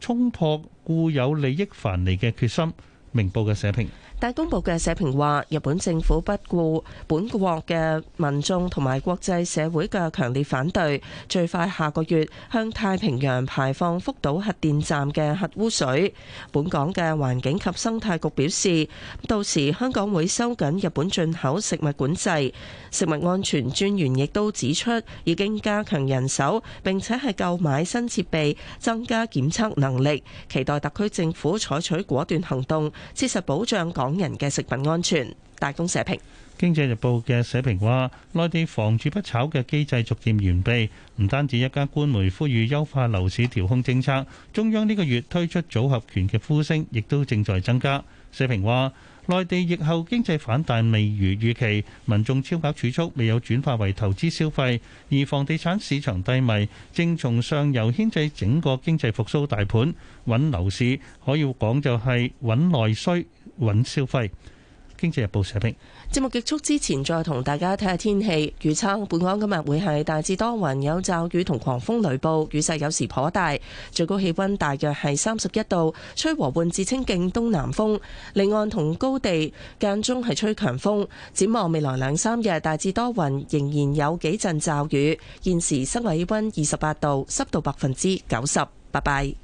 衝破固有利益樊籬嘅決心？明報嘅社評。大公報嘅社評話，日本政府不顧本國嘅民眾同埋國際社會嘅強烈反對，最快下個月向太平洋排放福島核電站嘅核污水。本港嘅環境及生態局表示，到時香港會收緊日本進口食物管制。食物安全專員亦都指出，已經加強人手，並且係購買新設備，增加檢測能力。期待特區政府採取果斷行動，切實保障港人嘅食品安全。大公社評，《經濟日報》嘅社評話：內地房住不炒嘅機制逐漸完備，唔單止一家官媒呼籲優化樓市調控政策，中央呢個月推出組合拳嘅呼聲亦都正在增加。社評話：內地疫後經濟反彈未如預期，民眾超額儲蓄未有轉化為投資消費，而房地產市場低迷，正從上游牽制整個經濟復蘇大盤。穩樓市可以講就係穩內需。穩消費，《經濟日報》社評。節目結束之前，再同大家睇下天氣預測。本港今日會係大致多雲，有驟雨同狂風雷暴，雨勢有時頗大。最高氣温大約係三十一度，吹和緩至清勁東南風。離岸同高地間中係吹強風。展望未來兩三日，大致多雲，仍然有幾陣驟雨。現時室內溫二十八度，濕度百分之九十。拜拜。